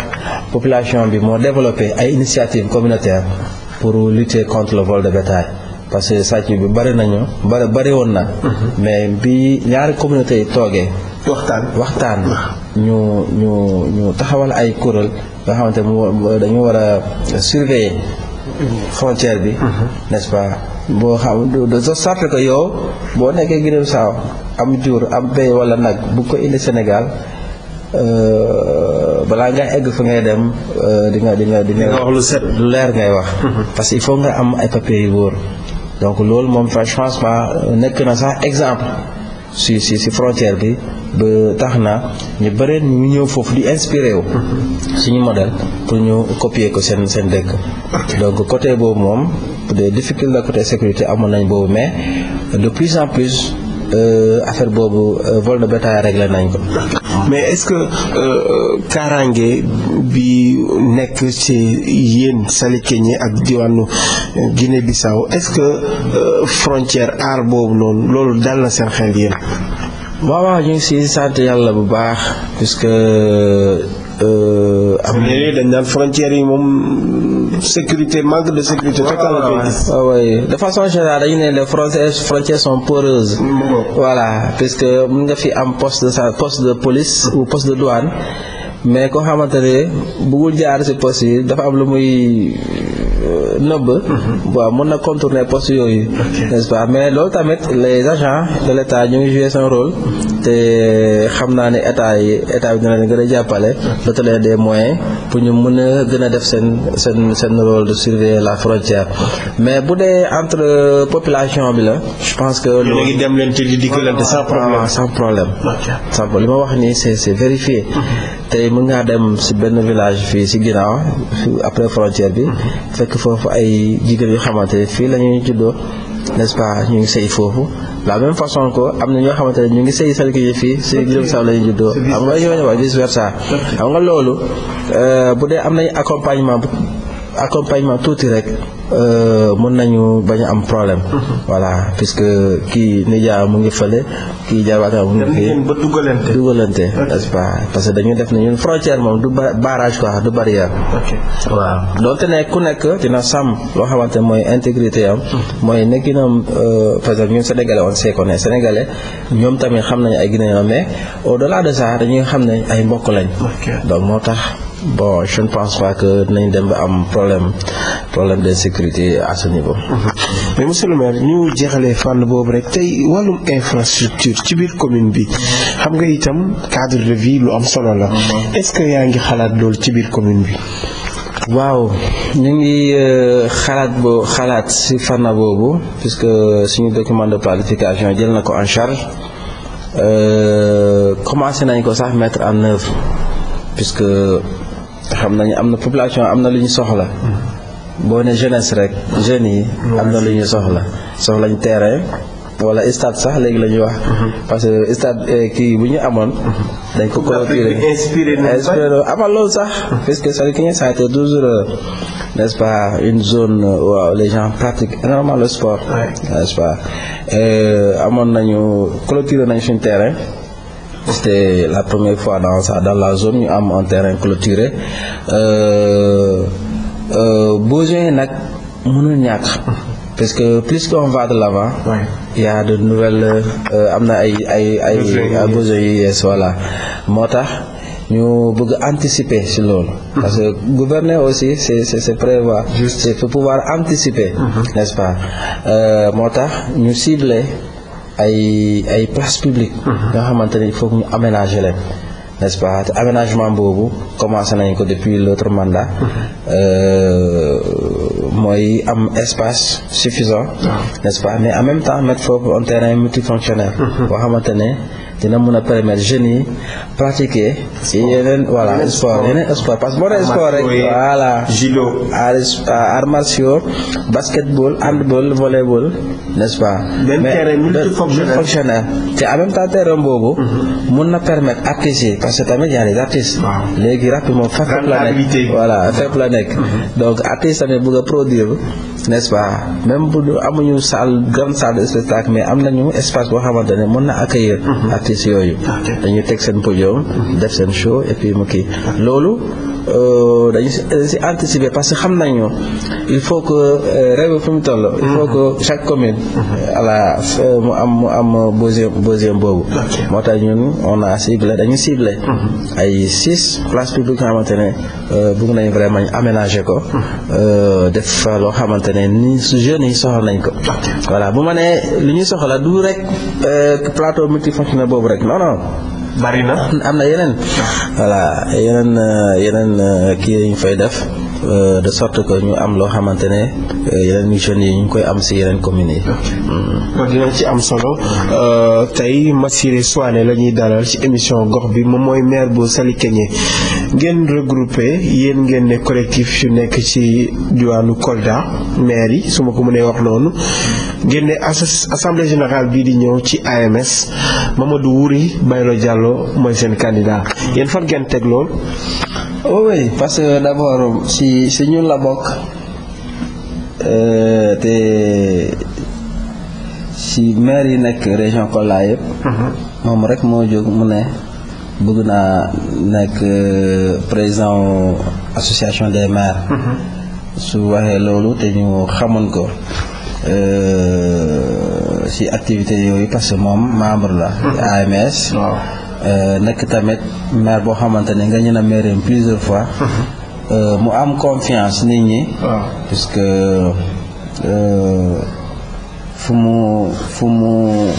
population bi moo développé ay initiative communautaire pour lutter contre le vol de bétail parce que sàcc bi bari nañu bari bari woon na. Mhm. mais bi ñaari communauté yi toogee. waxtaan waxtaan. ñu ñu ñu taxawal ay kuréel nga xamante mu dañu war a surveiller. frontière bi. Mhm. n'est-ce boo xam de sorte que yow boo nekkee Guinée-Bissau am jur am béy wala nag bu ko indi Sénégal. Euh, balaa ngay egg fa ngay dem euh, di nga di nga di nga wax lu set lu leer ngay wax *laughs* parce que il faut nga am ay papiers yu wóor donc loolu moom franchement euh, nekk na sax exemple si si si frontière bi ba tax na ñu bëri ñu ñëw foofu di inspiré wu *laughs* suñu modèle pour ñu copier ko seen seen dëkk donc côté boobu moom des difficultés côté sécurité amoon nañ boobu mais de plus en plus euh, affaire boobu vol de bétail nañ ko mais est-ce que euh, euh, kaaraange bi nekk ci yéen Salikégné ak diwaanu euh, Guinée-Bissau est-ce que frontière aar boobu noonu loolu dal na seen xel yéen. waaw waaw ñu ngi siy sant yàlla bu baax puisque. am na dañ naan frontière yi moom. sécurité manque de sécurité totale la koy gis. oui de façon générale dañu ne les frontières frontières sont poreuses. voilà parce que mën nga fi am poste de poste de police ou poste de douane. mais koo xamante ne bëggul jaar si poste yi dafa am lu muy euh, nëbb mm-hmm. waaw mën na contourner poste yooyu n'est-ce pas mais loolu tamit les agent de l'état ñu ngi jouer seen rôle te xam naa ne état yi état bi dina leen gën a jàppale dote leen des moyens pour ñu mën a gën a def seen seen seen rôle de surveiller la frontière mais bu dee entre euh, population bi la je pense que dem leen ci di dikkalante sans problème sans problème li ma wax nii c'est c'est vérifié mm-hmm. tey mën ngaa dem si benn village fii si ginnaaw après frontière bi fekk foofu ay jigéen yu xamante fii la ñuy juddoo n'est-ce pas ñu ngi sëy foofu la même façon que am na ñoo xamante ne ñu ngi sëy seen kii fii si Guinée sax la ñuy juddoo xam nga ñooñu wax a versa xam nga loolu euh, bu dee am nañ accompagnement accompagnement tuuti rek Euh, mën nañu bañ am problème. *laughs* voilà puisque kii nijaay mu ngi fële kii jabaata mu ngi. fii ba dugalante dugalante n'est-ce pas parce que dañu def nañu ñun frontière moom du barrage quoi du barrière. ok waaw donte ne ku nekk dina sam loo xamante mooy intégrité am. Hmm. mooy nekkinam euh, par exemple ñun sénégalais on sait ñoom tamit xam nañu ay Guinéens mais au delà de ça dañuy xam ne ay mbokk lañ. donc moo tax bon je ne pense pas que dinañ dem ba am problème problème sécurité à ce niveau. mais monsieur ñu jeexalee fànn boobu rek tey wàllum infrastructure ci biir commune bi xam nga itam cadre de vie lu am solo la. est-ce que yaa ngi xalaat loolu ci biir commune bi. waaw ñu ngi euh, xalaat bo xalaat si fànn boobu puisque suñu document de planification jël na ko en charge euh, commencé nañ ko sax mettre en œuvre puisque xam nañu am na population am na lu ñu soxla. boo ne jeunesse rek jeunes yi am na lu ñuy soxla soxlañ terrain wala stade sax léegi la ñuy wax mhm. parce que stade eh, kii bu ñu amoon mhm. dañ ko clôturer inspiré amal loolu sax mhm. puisque Salkinié ça a été toujours n'est-ce pas une zone où euh, les gens pratiquent énormément le sport n'est-ce pas euh, amoon nañu clôturer nañ suñu terrain c'était la première fois dans ça dans la zone ñu am un terrain clôturé euh, Euh, besoin nag mënul ñàkk parce que plus qu'on va de l'avant a de euh, am na ay ay ay besoins yu yees moo tax ñu bëgg anticiper si loolu parce que gouverner aussi c'est c'est c'est prévoir c'est pour pouvoir anticiper mhm. n'est-ce pas euh, moo tax ñu cibler ay ay places nga mhm. xamante ni il faut que ñu aménager n'est-ce pas te aménagement boobu commencé nañ ko depuis l'autre mandat euh, mooy am espace suffisant ah. n'est-ce pas mais en même temps mettre foofu un terrain multifonctionnel mm-hmm. boo xamante ne dina mën a permettre jeunes yi pratiquer. yeneen voilà sport yeneen sport parce que boo nee sport rek. voilà judo arts euh, basketball handball volleyball n'est-ce pas. mais te en même temps terrain boobu. mën mhm. na permettre artistes yi parce que tamit y a des artistes. léegi rapidement la nekk voilà fépp nekk mhm. donc artistes tamit bëgg a n'est-ce pas même bu amuñu salle grande salle de mais am nañu espace boo xamante ne mën na accueillir mhm. artistes yooyu dañuy teg seen podium mhm. def seen show et puis mu kii loolu Euh, dañu si dañu si anticiper parce que xam nañu il faut que euh, réew fi mu toll. il faut que chaque commune. voilà euh, mu am mu am besoin besoin boobu. moo tax ñun on a ciblé dañu ciblé. Mhm. ay six places publiques yoo xamante ne bëgg nañu vraiment ñu aménager ko. Mhm. def loo xamante ne ni jeunes yi soxla nañ ko. voilà bu ma nee li ñuy soxla du rek plateau multifonctionnel boobu rek non non. bari na am na yeneen voilà yeneen euh, yeneen euh, kii yi ñu fay def euh, de sorte que ñu am loo xamante ne yeneen jeunes yi ñu koy am si yeneen communes yi. loolu mm. dina ci am solo tey Massiré Souané la ñuy dalal ci émission gox bi moom mooy maire bu Salikégné ngeen regroupé yéen ngeen ne collectif yu nekk ci diwaanu Kolda maire yi su ma ko mënee wax noonu ngeen ne assemblée générale bii di ñëw ci AMS Mamadou Wuri Baylo jàlloo mooy seen candidat yéen fan ngeen teg lool. Oh oui parce que d'abord si si ñun la bokk euh, te si maire yi nekk région Kolda yëpp. Mhm. moom rek moo jóg mu ne. bëgg naa nekk euh, président association des maire mm-hmm. su waxee loolu te ñu xamoon ko ci euh, activité yooyu parce que moom membre la. Mm-hmm. AMS. Euh, nekk tamit maire boo xamante ne nga ñu a mairie plusieurs fois. Mm-hmm. mu am confiance nit ñi. puisque fu mu fu mu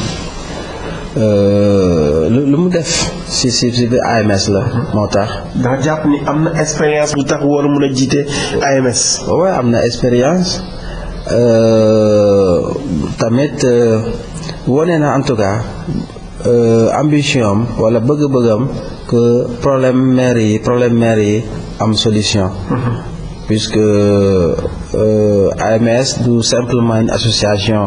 lu mu def. si si si bi AMS la moo tax. ndax jàpp ni am na expérience bu tax war a a jiite AMS. waaw am na expérience euh, tamit euh, wone na en tout cas euh, ambition am wala bëgg-bëggam que problème maire yi problème maire am solution. Mhm. puisque AMS du simplement une association.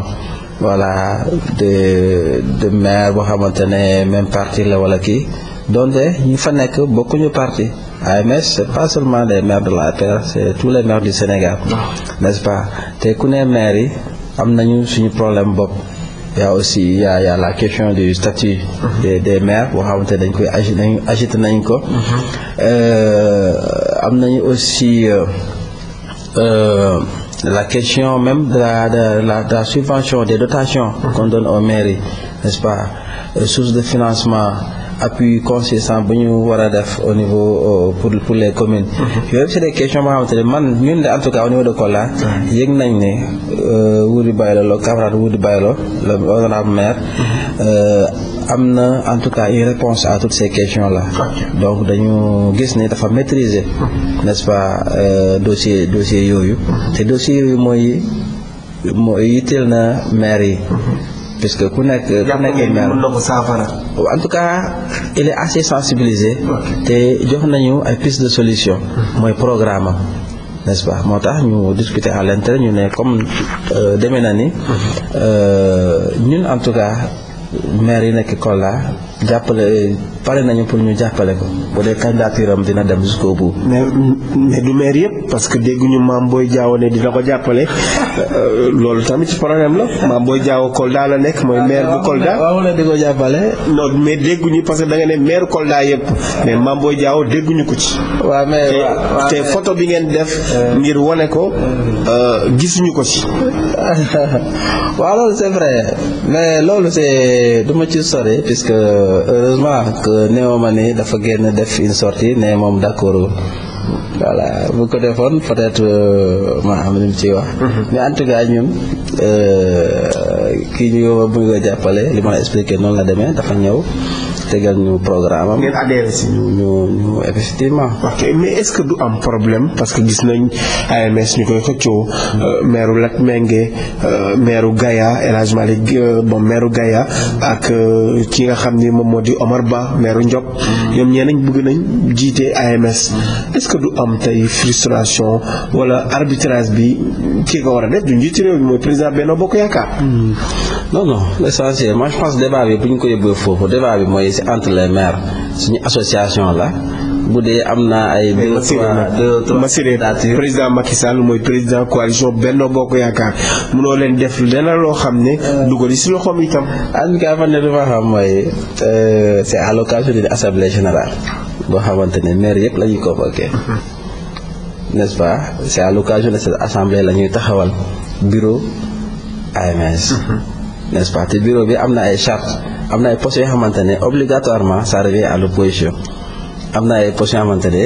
voilà de de maire boo xamante ne même parti la wala kii donte ñi fa nekk bokkuñu parti AMS c'est pas seulement les maires de la APR c'est tous les maires du Sénégal ah. n'est-ce pas te ku ne maire yi am nañu suñu problème bopp y aussi y a y la question du statut mhm. des des maires boo xamante dañ koy agi nañ agité nañ ko mhm. euh, am nañu aussi euh, euh, la question même de la, de la, de la subvention, des dotations qu'on donne aux pas, euh, source de financement, appui consistant bu ñu war a def au niveau euh, pour pour les communes. Mm-hmm. yooyu c'est des questions boo xamante ne man ñun de en tout cas au niveau de Kola. yëg nañ ni euh, Woury Baylo la Kaffrine Woury Baylo le honorable maire. Mm-hmm. am na en tout cas une réponse à toutes ces questions la donc dañu gis ni dafa maîtriser mm-hmm. n'est-ce pas euh, dossier dossier yooyu mm-hmm. te dossier yooyu mooy mooy yitteel na maire yi mm-hmm. puisque ku nekk ku nekk maire en tout cas il est assez sensibilisé te jox nañu ay piste de solution mooy programme am nest pas moo tax ñu discuter à l'intérieur ñu ne comme euh, demee na ni euh, ñun en tout cas maire yi nekk Kolda jàppale pare nañu pour ñu jàppale ko bu dee candidature am dina dem jusqu'au bout. mais mais du maire yëpp parce que dégguñu maam booy jaawo ne dina ko jàppale euh, loolu tamit problème la maam booy jaawo Kolda la nekk mooy maire bu Kolda. Ah, waaw la di ko jàppale. mais dégguñu parce que danga ne maire Kolda yëpp mais maam booy jaawo dégguñu ko ci. waa mais te photo bi ngeen def. Euh. ngir wane ko euh, gisuñu ko ci. *laughs* waaw loolu c'est vrai mais loolu c'est duma ci sori puisque heureusement néew ma ne dafa génn def une sortie ne moom d'accord voilà bu ko defoon peut être euh, ma am ne mu ci wax. Mhm. mais en tout cas ñun euh, kii ñu ko bëgg a jàppale li ma la expliqué noonu la demee dafa ñëw tegal ñu programme am. ngeen ñu ñu mais est ce que du am problème parce que gis nañ AMS ñu koy xëccoo. meeru Latmingué meeru Gaya El Hadj Malick euh, bon meeru Gaya ak ki nga xam ni moom moo di Omar Ba meeru Ndiop mm. ñoom ñeneen bëgg nañ jiite AMS mm. est du am. am tey frustration wala arbitrage bi ki ko war a def du njiitu réew mi mooy président Benno Bokk Yaakaar. Hmm. non non l' essentiel moi bi bu ñu ko yóbbee foofu débat bi mooy c'est entre les maires suñu association la. bu dee am na ay. Massiré président Macky Sall mooy président coalition Benno Bokk Yaakaar munoo leen def leneen loo xam ne. Euh. dugal si loxoom itam. en tout cas fan ne dafa xam mooy euh, c'est à l'occasion de l'assemblée boo xamante ne maire y la ñuy nest pas c'est à l'occasion de cette assemblée la ñuy taxawal bureau AMS mm-hmm. n'est-ce pas te bureau bi am na ay charte am na ay postes yoo xamante ne obligatoirement ça revient à am na ay position xamante ne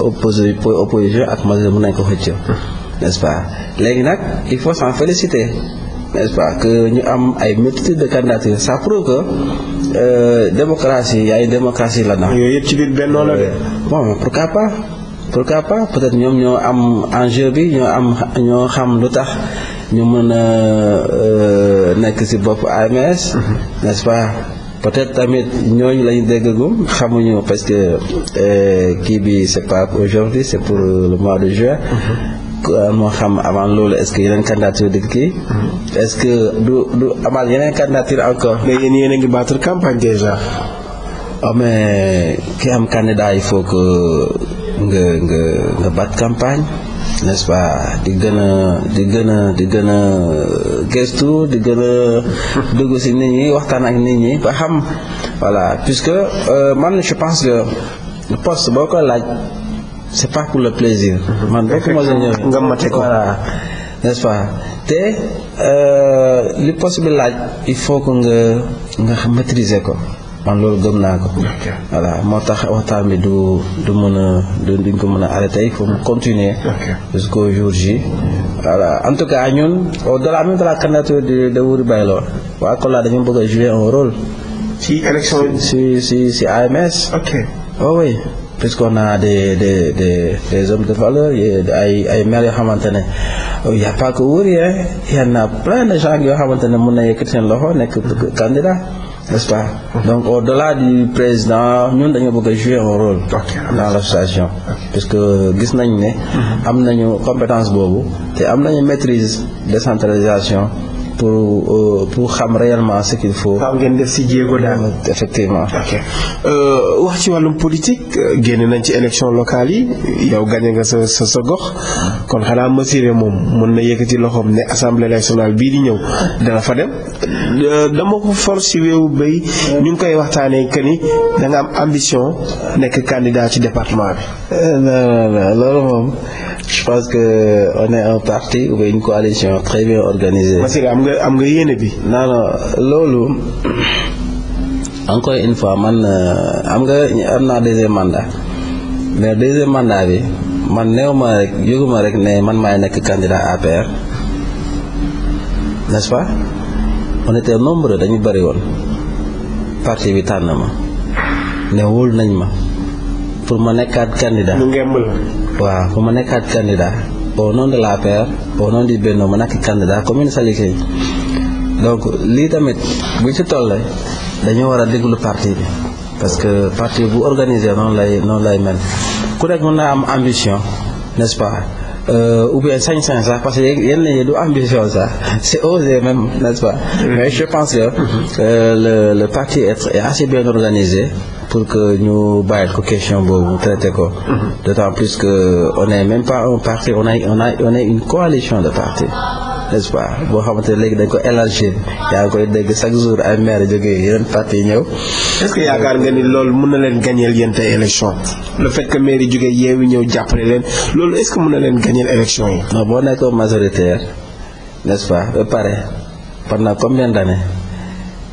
opposé opposition ak majorité mën nañu ko xëccoo mm-hmm. n'est-ce pas léegi nag il faut s'en féliciter nest ñu am ay multitude de candidatures ça que euh, démocratie y a une démocratie là-dedans. yooyu yëpp ci biir Benno la de. bon pourquoi pas. pourquoi pas peut-être ñoom ñoo am enjeu bi ñoo am ñoo xam lu tax ñu mën a euh, nekk ci bopp AMS n'est-ce pas peut tamit ñooñu lañu déggagum xamuñu parce que euh, kii bi c'est pas aujourd'hui c'est pour le mois de juin moo xam avant loolu est-ce que yeneen candidature dëkk kii est-ce du du amaat yeneen candidature encore mais yéen yéen a ngi battre campagne déjà ah mais ki am candidat il faut que nga nga nga bat campagne n'est-ce di gën a di gën a di gën a gëstu di gën a dugg si nit ñi waxtaan ak nit ñi ba xam voilà puisque euh, man je pense que post boo ko laaj c'est pas pour le plaisir. man rek ma la ñëw nga mate ko voilà nest te euh, li poste bi laaj il faut que nga nga maîtriser ko. man loolu gëm naa ko voilà moo tax waxtaan bi du du mën a du duñ ko mën a arrêté il faut mu continuer jusqu'au jour J voilà en tout cas ñun au delà même de la candidature de de Woury Baylo waa Kolda bëgg a jouer un rôle ci élection si si si AMS oh des des des des hommes de ay ay yoo xamante ne il y a pas que de gens yoo xamante ne mën na yëkkati seen loxo nekk mm-hmm. candidat n'est-ce pas mm-hmm. donc au-delà du président ñun dañoo bëgg a jouer un rôle dans l'association parce que gis nañ ne mm-hmm. am nañu compétence boobu te am nañu maitrise décentralisation pour euh, pour xam réellement ce qu'il faut. faaw ngeen def si jéego daal. Euh, effectivement. ok euh, wax ci wàllum politique génn nañ ci élection locale yi yow gagné nga sa sa sa gox kon xanaa Massiré moom mën na yëkkati loxoom ne assemblée nationale bii di ñëw dana fa dem dama ko force ci weewu béy ñu ngi koy waxtaanee que ni da am ambition nekk candidat ci département bi. non non loolu moom je pense que on est un ou bien une coalition très bien organisée. am nga yéene bi. non loolu encore une fois man euh, am nga am naa deuxième mandat mais deuxième mandat bi man néew ma rek yëguma rek ne man maay nekk candidat APR n'est-ce pas on était dañu bëri woon parti bi tànn ma ne wóolu nañ ma pour ma nekkaat candidat. mu ngembal waaw ma nekkaat candidat. au noonu de la paire au nom du Benno ma nekk candidat commune Salika donc lii tamit bu ci tollee dañu war a déglu parti bi parce que parti bu organisé noonu lay noonu lay mel ku nekk mën naa am ambition n'est-ce Euh, ou bien sañ-sañ ça parce que yenn ñi du ambition sax c'est osé même n'est-ce pas mais je pense que euh, le le parti est assez bien organisé pour que ñu bàyyil ko question boobu traité ko mhm. d'autant plus que on est même pas un parti on a on a une coalition de parti n'est-ce pas boo xamante ne léegi dañ ko élargir yaa ngi koy dégg chaque jour ay maire jógee yeneen parti yi ñëw. est-ce yaakaar nga ni loolu mën na leen gañeel yéen tey élection le fait que maire yi jógee yeewu ñëw jàppale leen loolu est-ce mën na leen gañeel élection yi. non boo nekkoo majoritaire nest pas ba pare pendant combien d'années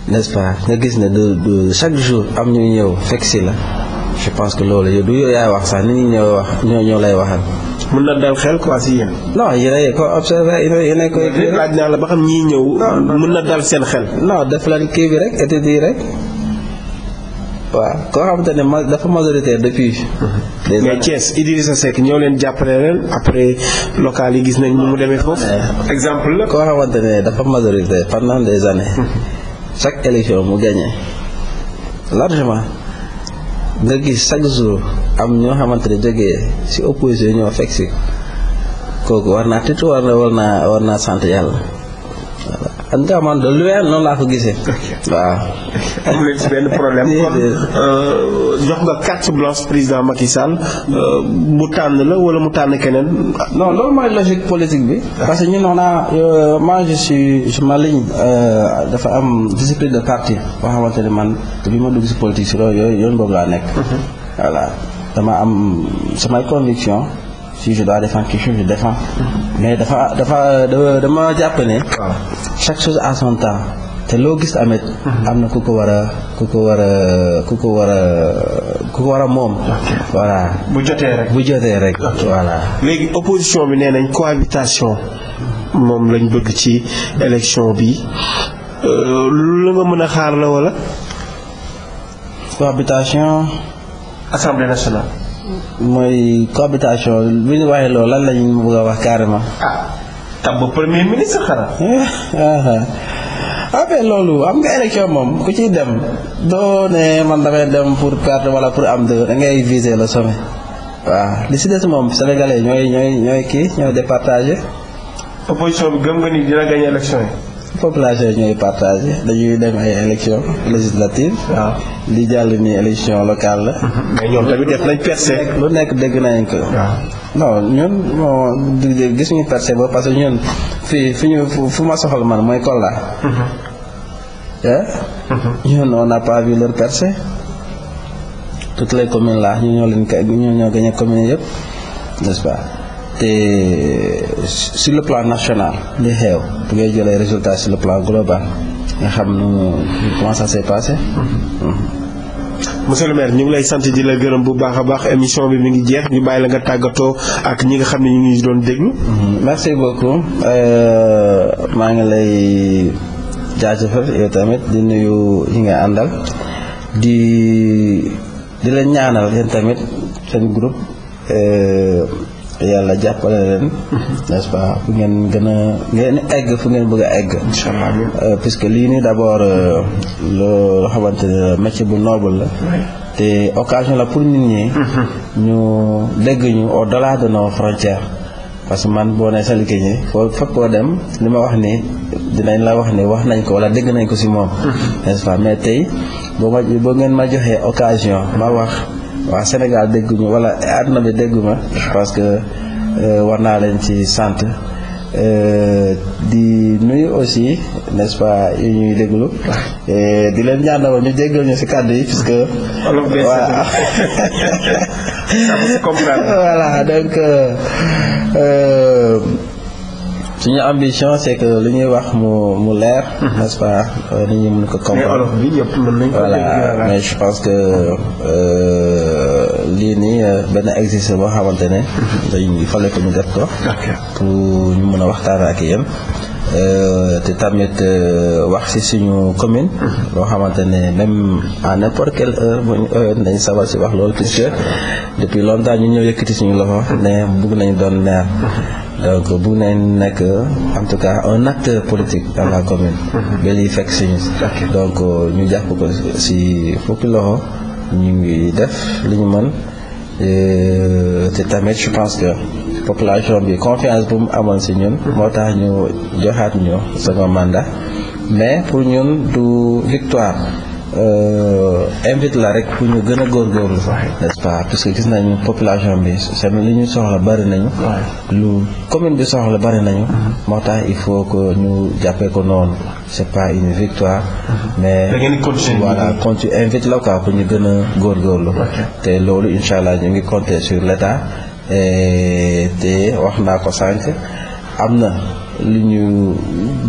n'est-ce pas nga gis ne du du chaque jour am ñuy ñëw fekk si la je pense que loolu yow du wax sax nit ñi ñoo wax ñoo ñoo lay waxal. mun na dal xel quoi si yéen. non yéenay ko observé yéenay koy. laaj la ba xam ñii ñëw. mën na dal seen xel. non def lan kii bi rek étudier rek. waaw koo xamante ne ma dafa majoritaire depuis. mais Thiès Idrissa Seck ñëw leen jàppale leen après local yi gis nañ ni mu demee foofu. exemple la koo xamante ne dafa majoritaire pendant des années. *laughs* chaque élection mu gagné largement. nga gis chaque jour am ñoo xamante ne jógee ci opposition ñoo fekk si kooku war naa tiit war na war naa war naa sant yàlla en tout cas de lu weer noonu laa ko gisee. waaw. *laughs* am leen si benn problème *laughs* kon euh, jox nga carte blanche président Macky euh, mu tànn la wala mu tànn keneen. non loolu mooy logique politique bi. Ah. parce que ñun on a euh, moi je suis je m'aligne dafa am discipline de parti boo xamante ne man bi ma dugg si politique si loolu yoon boobu laa nekk. Mhm. voilà dama am samay conviction si je dois défendre quelque chose je défends. mais dafa dafa dama jàpp ne. chaque sos à son temps. te loo gis amet am na ku ko war a ku ko war a ku ko war a ku ko war a moom. voilà bu jotee rek bu jotee rek. voilà léegi opposition bi nee nañ cohabitation moom lañ bëgg ci élection bi euh, lu la nga mën a xaar la wala. cohabitation. assemblée nationale. mooy cohabitation bi ñu waxee loolu lan lañu bëgg a wax carrément. ah tabb premier ministre xanaa. affaire *laughs* ah, ah. ah, loolu am nga élection moom ku ciy dem doo ne man damay dem pour perte wala pour am de da ngay viser le sommet waaw li si des moom sénégalais ñooy ñooy ñooy kii ñooy départager. opposition bi gëm nga ni dina gagné élection yi. population yi ñooy partagé dañuy dem ay élection li jàll ni élection locale la. mais ñoom tamit def nañ percé. lu nekk dégg nañ ko. non ñun moo gis ñu percé ba parce que ñun fii fi ñu fu ma soxal man mooy Kolda. Mm-hmm. Eh? Mm-hmm. ñun on n'a pas vu leur percé. toutes les communes là ñu ñoo leen ñoo ñoo gagné yëpp te sur le plan national li xeew bu ngay jëlee résultat sur le plan global nga xam nu comment ça s'est passé mmh. monsieur le maire ñu ngi lay sant di la gërëm bu baax a baax émission bi mi ngi jeex ñu bàyyi la nga tàggatoo ak ñi nga xam ne ñu ngi doon déglu. Mmh. merci beaucoup euh, maa ngi lay jaajëfal yow tamit di nuyu ñi nga àndal di di la ñaanal yéen tamit seen groupe. Euh, yàlla jàppale leen *laughs* n'est-ce pas fu ngeen gën a ngeen egg fu ngeen bëgg egg inchallah euh, puisque lii nii d'abord euh, loo xamante ne métier bu noble la te occasion la pour nit ñi mm-hmm. ñu dégg ñu au delà de nos frontières que man boo nee Salou Kényé foo fekk koo dem li ma wax ni dinañ la wax ni wax nañ ko wala dégg nañ ko ci moom mm-hmm. n'est-ce pas mais tey boo ma boo ngeen ma joxee occasion ma wax waa Sénégal dégguñu wala àdduna bi dégguma parce que euh, war naa leen ci sant euh, di nuyu aussi n'est-ce pas yu ñuy déglu di leen ñaanal ñu jéggal ñu ci kàddu yi puisque voilà *laughs* voilà donc euh, suñu ambition c'est que lu ñuy wax mu mu leer. Mhm. n'est-ce pas euh, nit ñi mën ko comprendre. voilà mais je pense que euh, lii nii euh, benn exercice boo xamante ne. Mhm. dañuy fale ko ñu def ko. pour ñu mën a waxtaan ak yéen. Euh, te tamit euh, wax ci suñu commune. Mm-hmm. loo xamante ne même à n'importe quelle heure bu ñu nañ euh, sabar si wax loolu puisque depuis longtemps ñu ñëw yëkkati suñu loxo ne bugg nañu doon maire mm-hmm. donc bugg nañ nekk en tout cas un acteur politique dans commune. Mm-hmm. ba lii si suñu. donc ñu jàpp ko ci fukki loxo ñu ngi def li ñu mën te tamit je pense que. population bi confiance bu mu amoon si ñun moo tax ñu joxaat ñu sama mandat mais pour ñun du victoire euh, invite la rek pour ñu gën a góorlu n'est-ce pas parce que gis nañu population bi seen li ñu soxla bari nañu lu commune bi soxla bari nañu mm-hmm. moo tax il faut que ñu jàppee ko noonu c'est pas une victoire mm-hmm. mais voilà continue invite la quoi pour ñu gën a góorgóorlu te loolu incha allah ñu ngi compter sur l'état Eh, te wax naa ko sànq am na lu ñu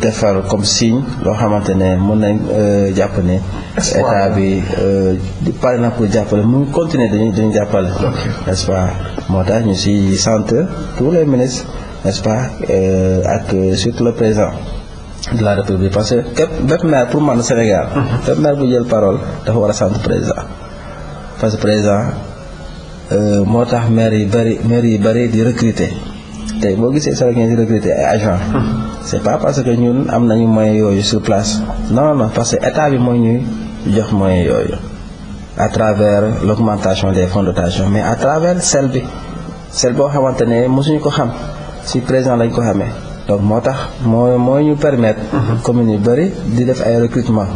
defar comme signe loo xamante ne mën nañ euh, jàpp ne état bi euh, pare na pour jàppale mu ngi continuer dañu dañu jàppale n'est-ce moo tax ñu si sant tous les ministres n'est-ce euh, ak surtout le président de la république parce que naa bépp maire pour man Sénégal mhm. bépp maire bu jël parole dafa war a sant président parce président Euh, moo tax maire yi bëri maire yi bëri di recruter tey boo gisee Sénégal di recruter ay agent hmm. c'est pas parce que ñun am nañu moyens yooyu sur place non non parce que état bi mooy ñuy jox moyens yooyu à travers l'augmentation des fonds de dotation mais à travers sel bi sel boo xamante ne mosuñu ko xam si président lañ ko xamee donc moo tax moo moo ñu permettre hmm. communes yu bëri di def ay recrutement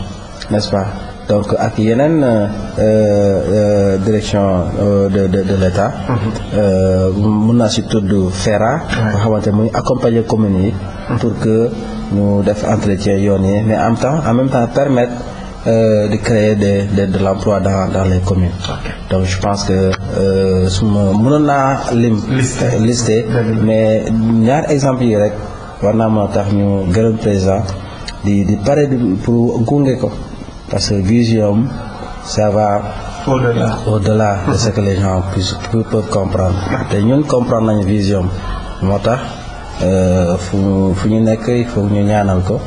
nest pas donc ak yeneen euh, euh, direction euh, de de de l'État. Mhm. mun naa si tudd FERA. nga xamante muy accompagner communes yi. Mhm. pour que ñu def entretien yoon yi mais en temps en même temps permettre. Euh, de créer des de, de l'emploi dans dans les communes. Okay. donc je pense que su ma mënoon naa lim. listé mais ñaar exemple yi rek war naa mën a tax ñu gërëm président di di pare pour gunge ko. parce que vision ça va au-delà au de ce que les gens puissent peuvent comprendre te ñun comprendre nañu vision moo tax euh, fu fu ñu nekk il ñu ñaanal ko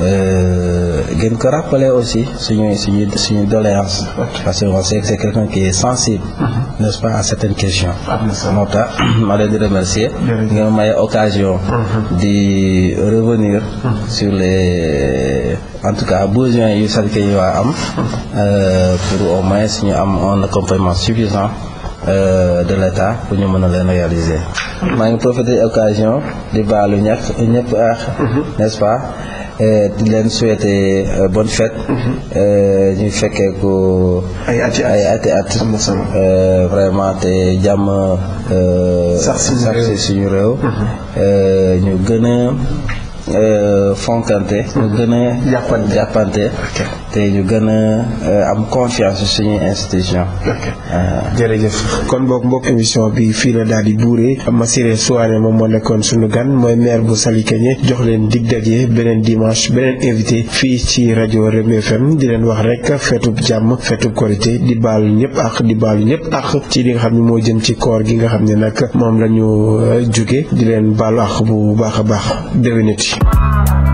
Euh, gën ko rappeler aussi su suñuy suñuy doléance parce que on sait que c'est quelqu'un qui sensible mhm. n'est-ce pas à certaines questions ah, moo tax *clears throat* ma leen di remercier nga may occasion mhm. di revenir mhm. su les en tout cas besoins yu salke yi waa am euh, pour au moins ñu am un accompagnement suffisant euh, de l'État pour ñu mën a leen réaliser maa ngi profiter occasion di baalu ñàkk ñëpp ah n'est-ce pas Eh, di leen souhaiter euh, bon fête. Mm-hmm. Euh, ñu fekkee ko. ay ati ay ati solo euh, vraiment te jàmm. sax suñu réew mm-hmm. ñu gën a fonkante. ñu mm-hmm. gën a jàppante te ñu gën a euh, am confiance suñuy institution euh. jërëjëf kon boog mbokk émission bi fii la daal di buuree Massiré Souare moom moo nekkoon suñu gan mooy maire bu Salikégné jox leen dig daje beneen dimanche beneen invité fii ci rajo Rewmi FM di leen wax rek feetub jàmm feetub korité di baalu ñëpp ak di baalu ñëpp ak ci li nga xam ne moo jëm ci koor gi nga xam ne nag moom la ñu euh, jóge di leen baalu ak bu baax a baax déwénati